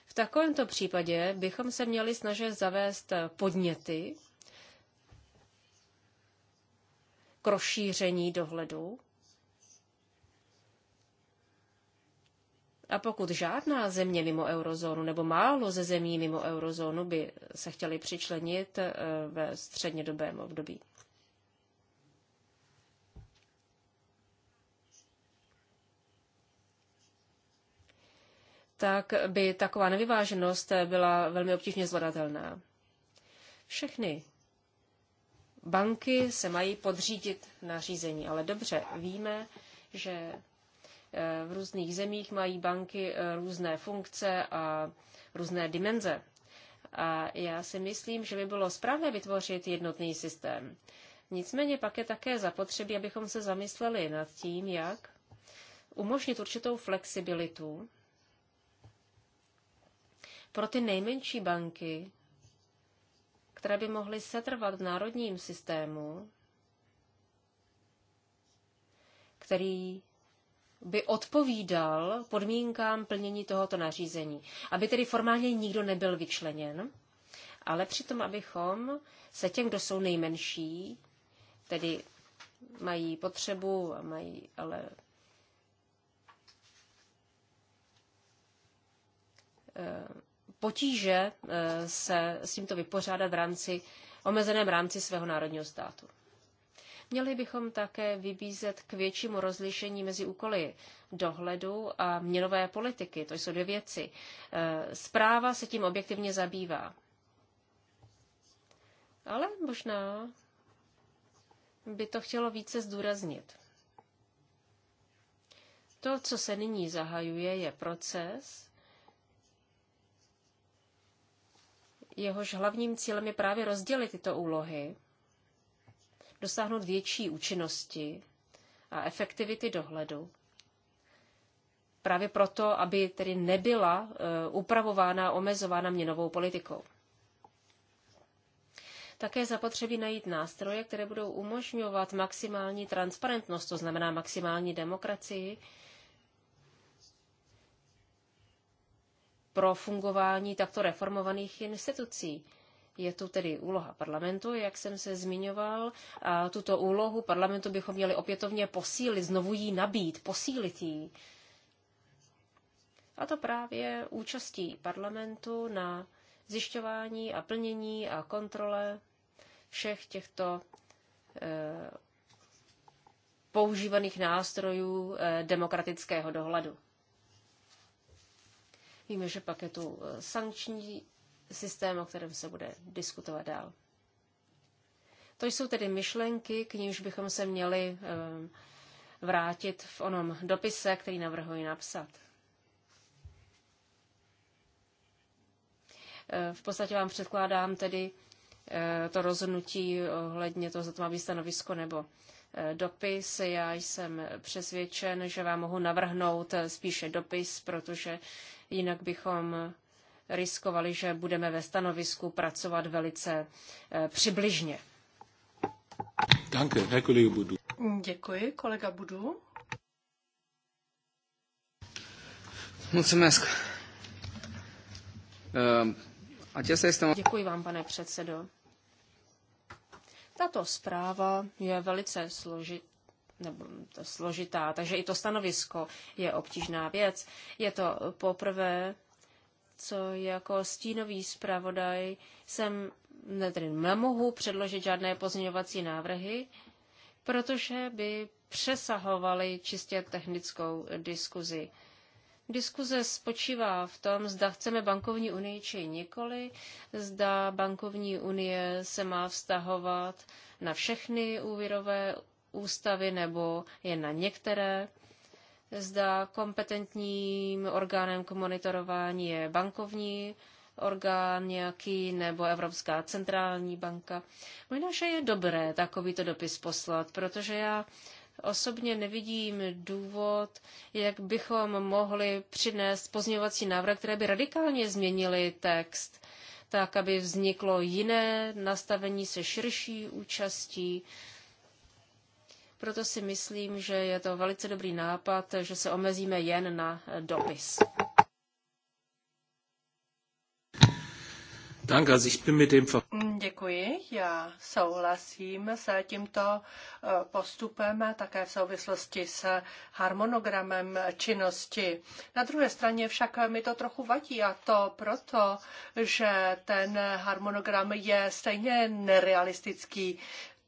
V takovémto případě bychom se měli snažit zavést podněty k rozšíření dohledu A pokud žádná země mimo eurozónu nebo málo ze zemí mimo eurozónu by se chtěly přičlenit eh, ve střednědobém období. tak by taková nevyváženost byla velmi obtížně zvladatelná. Všechny banky se mají podřídit nařízení, ale dobře víme, že Eh, v různých zemích mají banky eh, různé funkce a různé dimenze. A já si myslím, že by bylo správné vytvořit jednotný systém. Nicméně pak je také zapotřebí, abychom se zamysleli nad tím, jak umožnit určitou flexibilitu pro ty nejmenší banky, které by mohly setrvat v národním systému, který by odpovídal podmínkám plnění tohoto nařízení. Aby tedy formálně nikdo nebyl vyčleněn, ale přitom, abychom se těm, kdo jsou nejmenší, tedy mají potřebu a mají ale eh, potíže eh, se s tímto vypořádat v rámci omezeném rámci svého národního státu. Měli bychom také vybízet k většímu rozlišení mezi úkoly dohledu a měnové politiky. To jsou dvě věci. E, zpráva se tím objektivně zabývá. Ale možná by to chtělo více zdůraznit. To, co se nyní zahajuje, je proces, jehož hlavním cílem je právě rozdělit tyto úlohy dosáhnout větší účinnosti a efektivity dohledu. Právě proto, aby tedy nebyla e, upravována a omezována měnovou politikou. Také zapotřebí najít nástroje, které budou umožňovat maximální transparentnost, to znamená maximální demokracii, pro fungování takto reformovaných institucí. Je tu tedy úloha parlamentu, jak jsem se zmiňoval. A tuto úlohu parlamentu bychom měli opětovně posílit, znovu jí nabít, posílit ji. A to právě účastí parlamentu na zjišťování a plnění a kontrole všech těchto e, používaných nástrojů e, demokratického dohledu. Víme, že pak je tu eh, sankční systém, o kterém se bude diskutovat dál. To jsou tedy myšlenky, k nímž bychom se měli ehm, vrátit v onom dopise, který navrhuji napsat. Ehm, v podstatě vám předkládám tedy eh, to rozhodnutí ohledně toho, zda to má být stanovisko nebo eh, dopis. Já jsem přesvědčen, že vám mohu navrhnout eh, spíše dopis, protože jinak bychom riskovali, že budeme ve stanovisku pracovat velice eh, přibližně. Děkuji, kolega Budu. Mulțumesc. Ehm, Acesta este... Děkuji vám, pane předsedo. Tato zpráva je velice složitá nebo to složitá, takže i to stanovisko je obtížná věc. Je to poprvé, co jako stínový zpravodaj jsem ne, tedy nemohu předložit žádné pozměňovací návrhy, protože by přesahovaly čistě technickou diskuzi. Diskuze spočívá v tom, zda chceme bankovní unii či nikoli, zda bankovní unie se má vztahovat na všechny úvěrové ústavy nebo jen na některé. Zda kompetentním orgánem k monitorování je bankovní orgán nějaký nebo Evropská centrální banka. Možná, že je dobré takovýto dopis poslat, protože já osobně nevidím důvod, jak bychom mohli přinést pozměňovací návrh, které by radikálně změnily text, tak aby vzniklo jiné nastavení se širší účastí proto si myslím, že je to velice dobrý nápad, že se omezíme jen na dopis. Mm, děkuji, já souhlasím s tímto eh, postupem také v souvislosti s harmonogramem činnosti. Na druhé straně však mi to trochu vadí a to proto, že ten harmonogram je stejně nerealistický.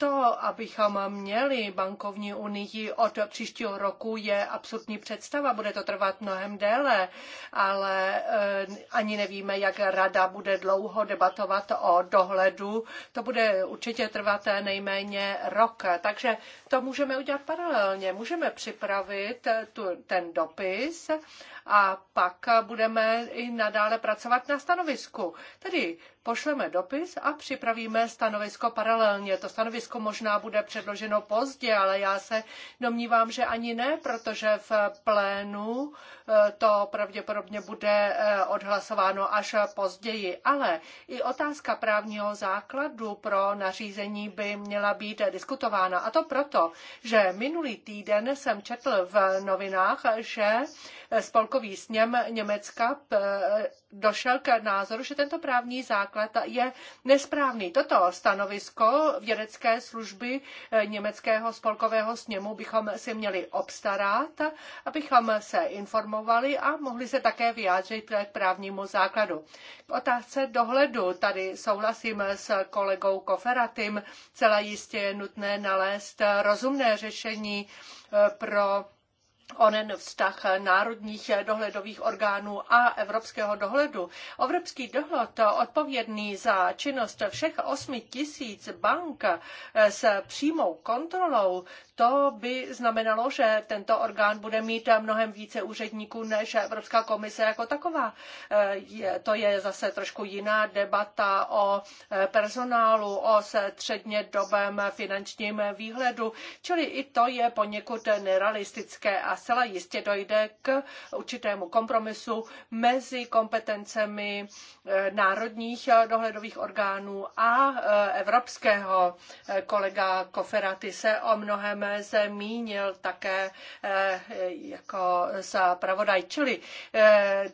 To, abychom měli bankovní unii od příštího roku, je absurdní představa. Bude to trvat mnohem déle, ale eh, ani nevíme, jak rada bude dlouho debatovat o dohledu. To bude určitě trvat nejméně rok. Takže to můžeme udělat paralelně. Můžeme připravit eh, tu, ten dopis a pak budeme i nadále pracovat na stanovisku. Tedy pošleme dopis a připravíme stanovisko paralelně. To stanovisko možná bude předloženo pozdě, ale já se domnívám, že ani ne, protože v plénu eh, to pravděpodobně bude eh, odhlasováno až později. Ale i otázka právního základu pro nařízení by měla být diskutována. A to proto, že minulý týden jsem četl v novinách, že spolkový sněm Německa došel k názoru, že tento právní základ je nesprávný. Toto stanovisko vědecké služby e, Německého spolkového sněmu bychom si měli obstarat, abychom se informovali a mohli se také vyjádřit k právnímu základu. K otázce dohledu tady souhlasím s kolegou Koferatym. Celá jistě je nutné nalézt rozumné řešení e, pro onen vztah národních dohledových orgánů a evropského dohledu. Evropský dohled odpovědný za činnost všech 8 tisíc bank s přímou kontrolou, to by znamenalo, že tento orgán bude mít mnohem více úředníků než Evropská komise jako taková. To je zase trošku jiná debata o personálu, o střednědobém finančním výhledu, čili i to je poněkud nerealistické a zcela jistě dojde k určitému kompromisu mezi kompetencemi eh, národních eh, dohledových orgánů a eh, evropského. Kolega Koferaty se o mnohem zmínil také jako zpravodaj, čili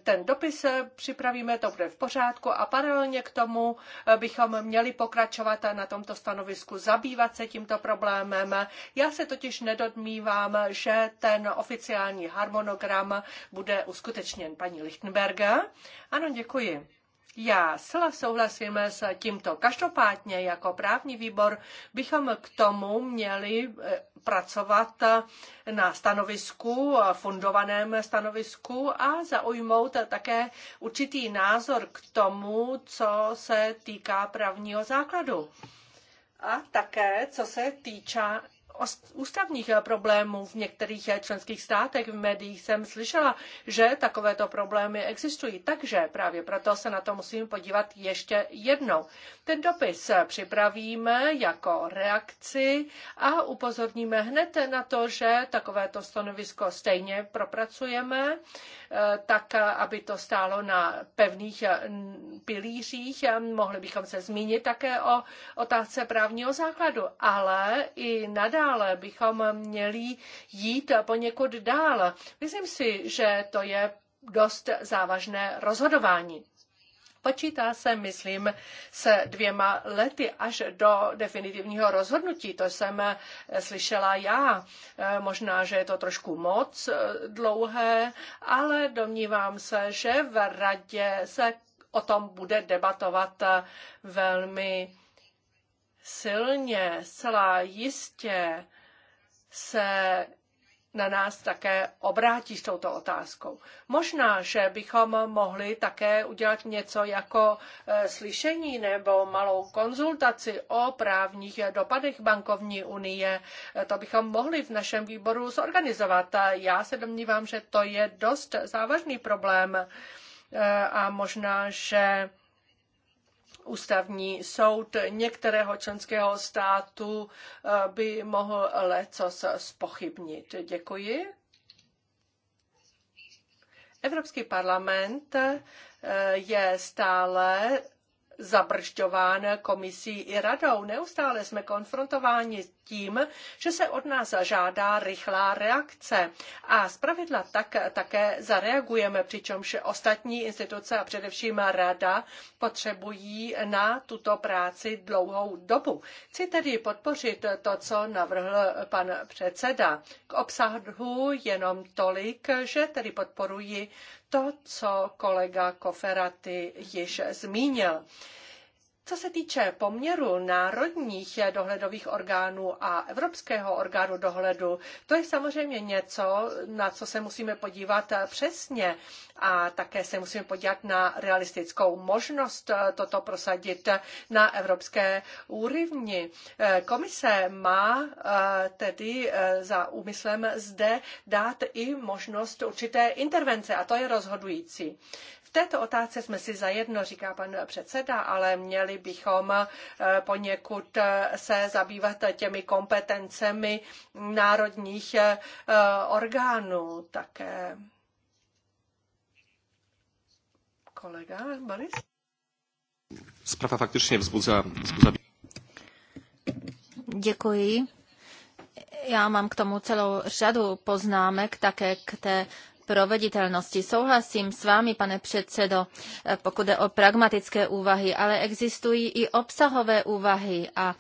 ten dopis připravíme, to bude v pořádku a paralelně k tomu bychom měli pokračovat na tomto stanovisku, zabývat se tímto problémem. Já se totiž nedomnívám, že ten oficiální harmonogram bude uskutečněn. Paní Lichtenberga. Ano, děkuji. Já zcela souhlasím s tímto. Každopádně jako právní výbor bychom k tomu měli eh, pracovat eh, na stanovisku, eh, fundovaném stanovisku a zaujmout také určitý názor k tomu, co se týká právního základu. A také, co se týče ústavních eh, problémů v některých eh, členských státech. V médiích jsem slyšela, že takovéto problémy existují, takže právě proto se na to musíme podívat ještě jednou. Ten dopis připravíme jako reakci a upozorníme hned na to, že takovéto stanovisko stejně propracujeme, eh, tak aby to stálo na pevných pilířích. Mohli bychom se zmínit také o otázce právního základu, ale i nadále dále, bychom měli jít poněkud dál. Myslím si, že to je dost závažné rozhodování. Počítá se, myslím, se dvěma lety až do definitivního rozhodnutí. To jsem eh, slyšela já. Eh, možná, že je to trošku moc eh, dlouhé, ale domnívám se, že v radě se o tom bude debatovat velmi silně, celá jistě se na nás také obrátí s touto otázkou. Možná, že bychom mohli také udělat něco jako eh, slyšení nebo malou konzultaci o právních dopadech bankovní unie. Eh, to bychom mohli v našem výboru zorganizovat. Já se domnívám, že to je dost závažný problém eh, a možná, že ústavní soud některého členského státu eh, by mohl lecos spochybnit. Děkuji. Evropský parlament eh, je stále zabržďován komisí i radou. Neustále jsme konfrontováni tím, že se od nás žádá rychlá reakce. A zpravidla tak také zareagujeme, přičemž ostatní instituce a především rada potřebují na tuto práci dlouhou dobu. Chci tedy podpořit to, co navrhl pan předseda. K obsahu jenom tolik, že tedy podporuji to, co kolega Koferaty již zmínil. Co se týče poměru národních dohledových orgánů a evropského orgánu dohledu, to je samozřejmě něco, na co se musíme podívat přesně a také se musíme podívat na realistickou možnost toto prosadit na evropské úrovni. Komise má eh, tedy eh, za úmyslem zde dát i možnost určité intervence a to je rozhodující. V této otázce jsme si zajedno, říká pan předseda, ale měli bychom eh, poněkud eh, se zabývat těmi kompetencemi národních eh, orgánů také. Kolega Boris? Sprawa faktycznie wzbudza, Děkuji. Já mám k tomu celou řadu poznámek, také k té proveditelnosti. Souhlasím s vámi, pane předsedo, eh, pokud jde o pragmatické úvahy, ale existují i obsahové úvahy a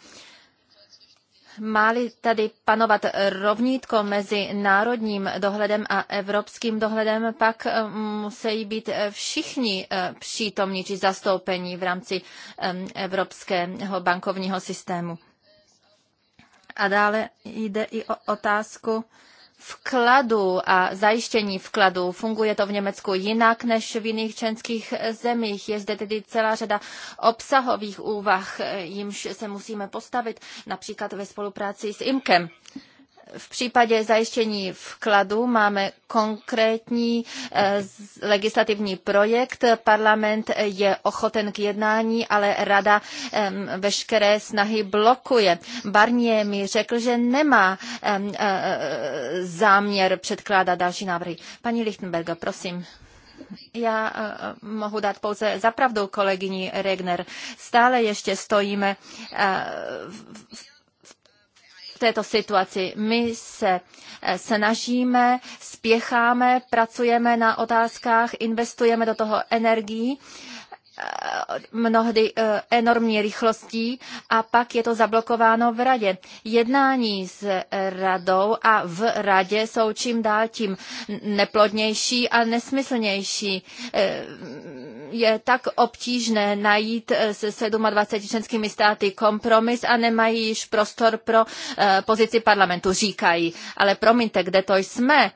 Máli tady panovat rovnítko mezi národním dohledem a evropským dohledem, pak eh, musí být eh, všichni přítomní či zastoupení v rámci evropského bankovního systému. A dále jde i o otázku vkladu a zajištění vkladu. Funguje to v Německu jinak než v jiných členských zemích. Je zde tedy celá řada obsahových úvah, jimž se musíme postavit, například ve spolupráci s IMKem. V případě zajištění vkladu máme konkrétní eh, legislativní projekt. Parlament je ochoten k jednání, ale rada veškeré snahy blokuje. Barnier mi řekl, že nemá eh, záměr předkládat další návrhy. Paní Lichtenberger, prosím. Já eh, mohu dát pouze zapravdu kolegyni Regner. Stále ještě stojíme v v této situaci. My se eh, snažíme, spěcháme, pracujeme na otázkách, investujeme do toho energii Eh, mnohdy eh, enormní rychlostí a pak je to zablokováno v radě. Jednání s radou a v radě jsou čím dál tím neplodnější a nesmyslnější. Eh, je tak obtížné najít s 27 členskými státy kompromis a nemají již prostor pro pozici parlamentu, říkají. Ale promiňte, kde to jsme?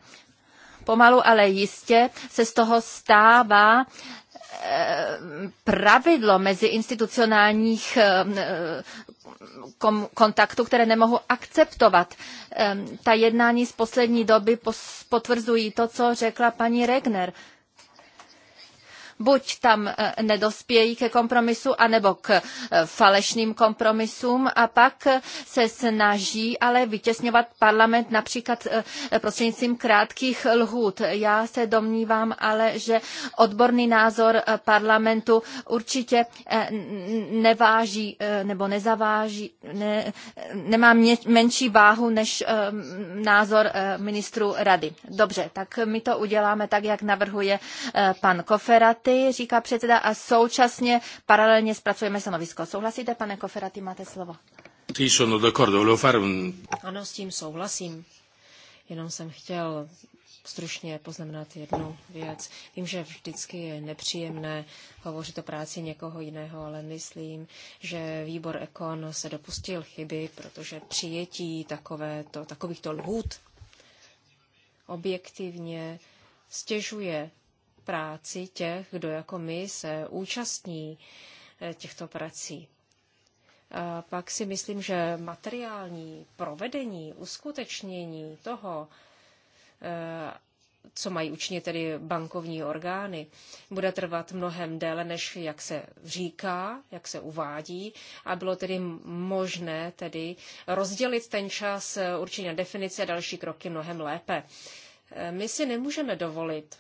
pomalu, ale jistě se z toho stává Eh, pravidlo mezi institucionálních eh, kontaktů, které nemohu akceptovat. Ta jednání z poslední doby potvrzují to, co řekla paní Regner. Buď tam e, nedospějí ke kompromisu, anebo k e, falešným kompromisům a pak e, se snaží ale vytěsňovat parlament například prostřednictvím krátkých lhůt. Já se domnívám ale, že odborný názor parlamentu určitě neváží nebo nezaváží, ne, nemá mě, menší váhu než názor ministru rady. Dobře, tak my to uděláme tak, jak navrhuje pan Koferaty debaty, říká předseda, a současně paralelně zpracujeme stanovisko. Souhlasíte, pane Koferati, máte slovo. Ano, s tím souhlasím. Jenom jsem chtěl stručně poznamenat jednu věc. Vím, že vždycky je nepříjemné hovořit o práci někoho jiného, ale myslím, že výbor Ekon se dopustil chyby, protože přijetí to, takovýchto lhůt objektivně stěžuje práci těch, kdo jako my se účastní eh, těchto prací. A pak si myslím, že materiální provedení, uskutečnění toho, eh, co mají učně tedy bankovní orgány, bude trvat mnohem déle, než jak se říká, jak se uvádí a bylo tedy možné tedy rozdělit ten čas eh, určitě na definice a další kroky mnohem lépe. My si nemůžeme dovolit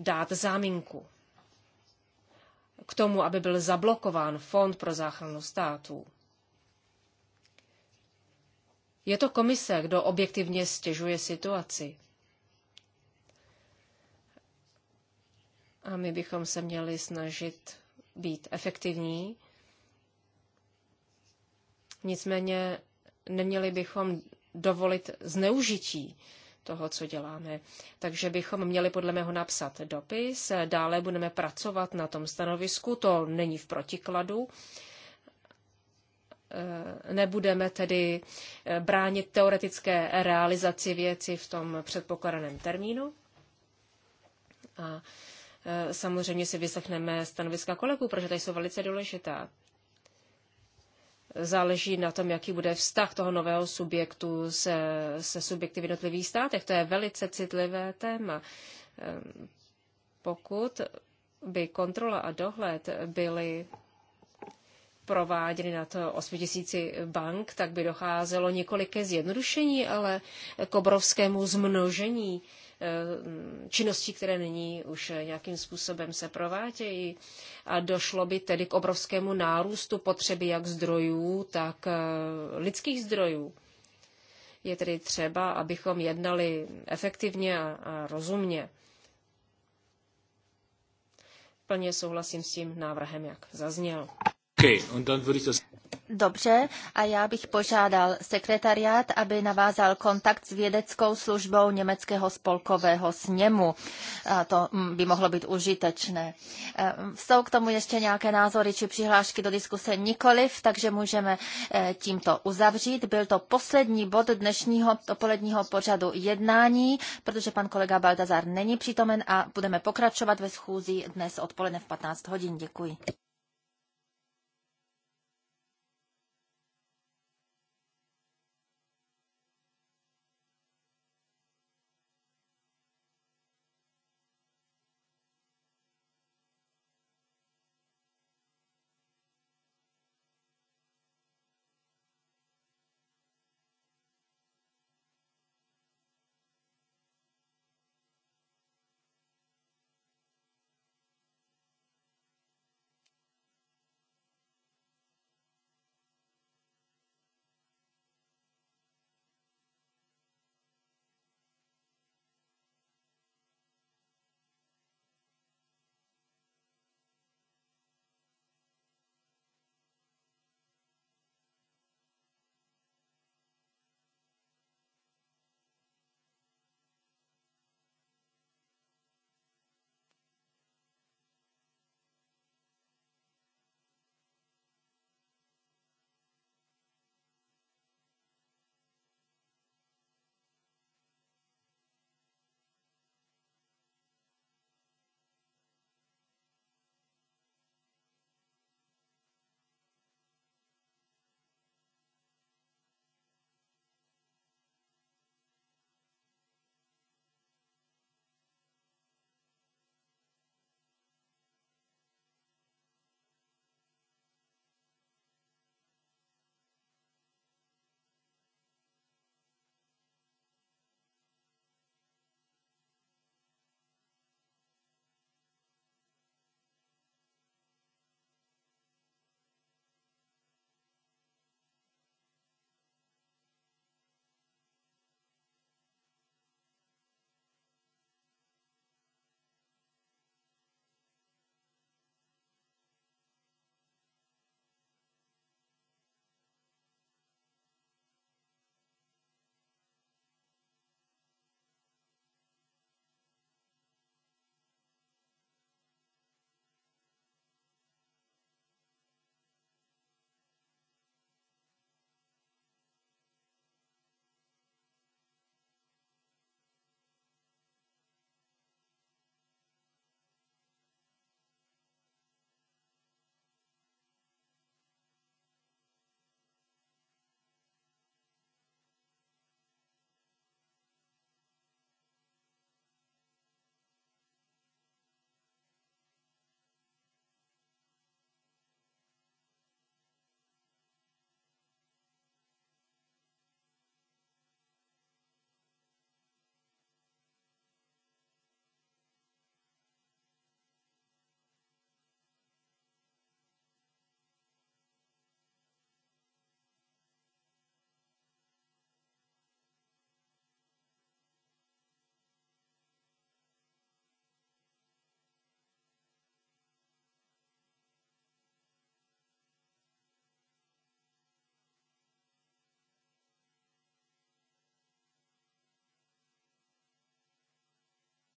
dát záminku k tomu, aby byl zablokován Fond pro záchranu států. Je to komise, kdo objektivně stěžuje situaci. A my bychom se měli snažit být efektivní. Nicméně neměli bychom dovolit zneužití toho, co děláme. Takže bychom měli podle mého napsat dopis, dále budeme pracovat na tom stanovisku, to není v protikladu. E, nebudeme tedy e, bránit teoretické realizaci věci v tom předpokládaném termínu. A e, samozřejmě si vyslechneme stanoviska kolegů, protože tady jsou velice důležitá záleží na tom, jaký bude vztah toho nového subjektu se, se subjekty v jednotlivých státech. To je velice citlivé téma. Ehm, pokud by kontrola a dohled byly prováděny na to 8 tisíci bank, tak by docházelo nikoli ke zjednodušení, ale k obrovskému zmnožení Eh, činností, které nyní už nějakým způsobem se provádějí. A došlo by tedy k obrovskému nárůstu potřeby jak zdrojů, tak eh, lidských zdrojů. Je tedy třeba, abychom jednali efektivně a rozumně. Plně souhlasím s tím návrhem, jak zazněl. Okay, Dobře, a já bych požádal sekretariát, aby navázal kontakt s vědeckou službou Německého spolkového sněmu. A to mm, by mohlo být užitečné. E, jsou k tomu ještě nějaké názory či přihlášky do diskuse? Nikoliv, takže můžeme e, tímto uzavřít. Byl to poslední bod dnešního dopoledního pořadu jednání, protože pan kolega Baldazar není přítomen a budeme pokračovat ve schůzi dnes odpoledne v 15 hodin. Děkuji.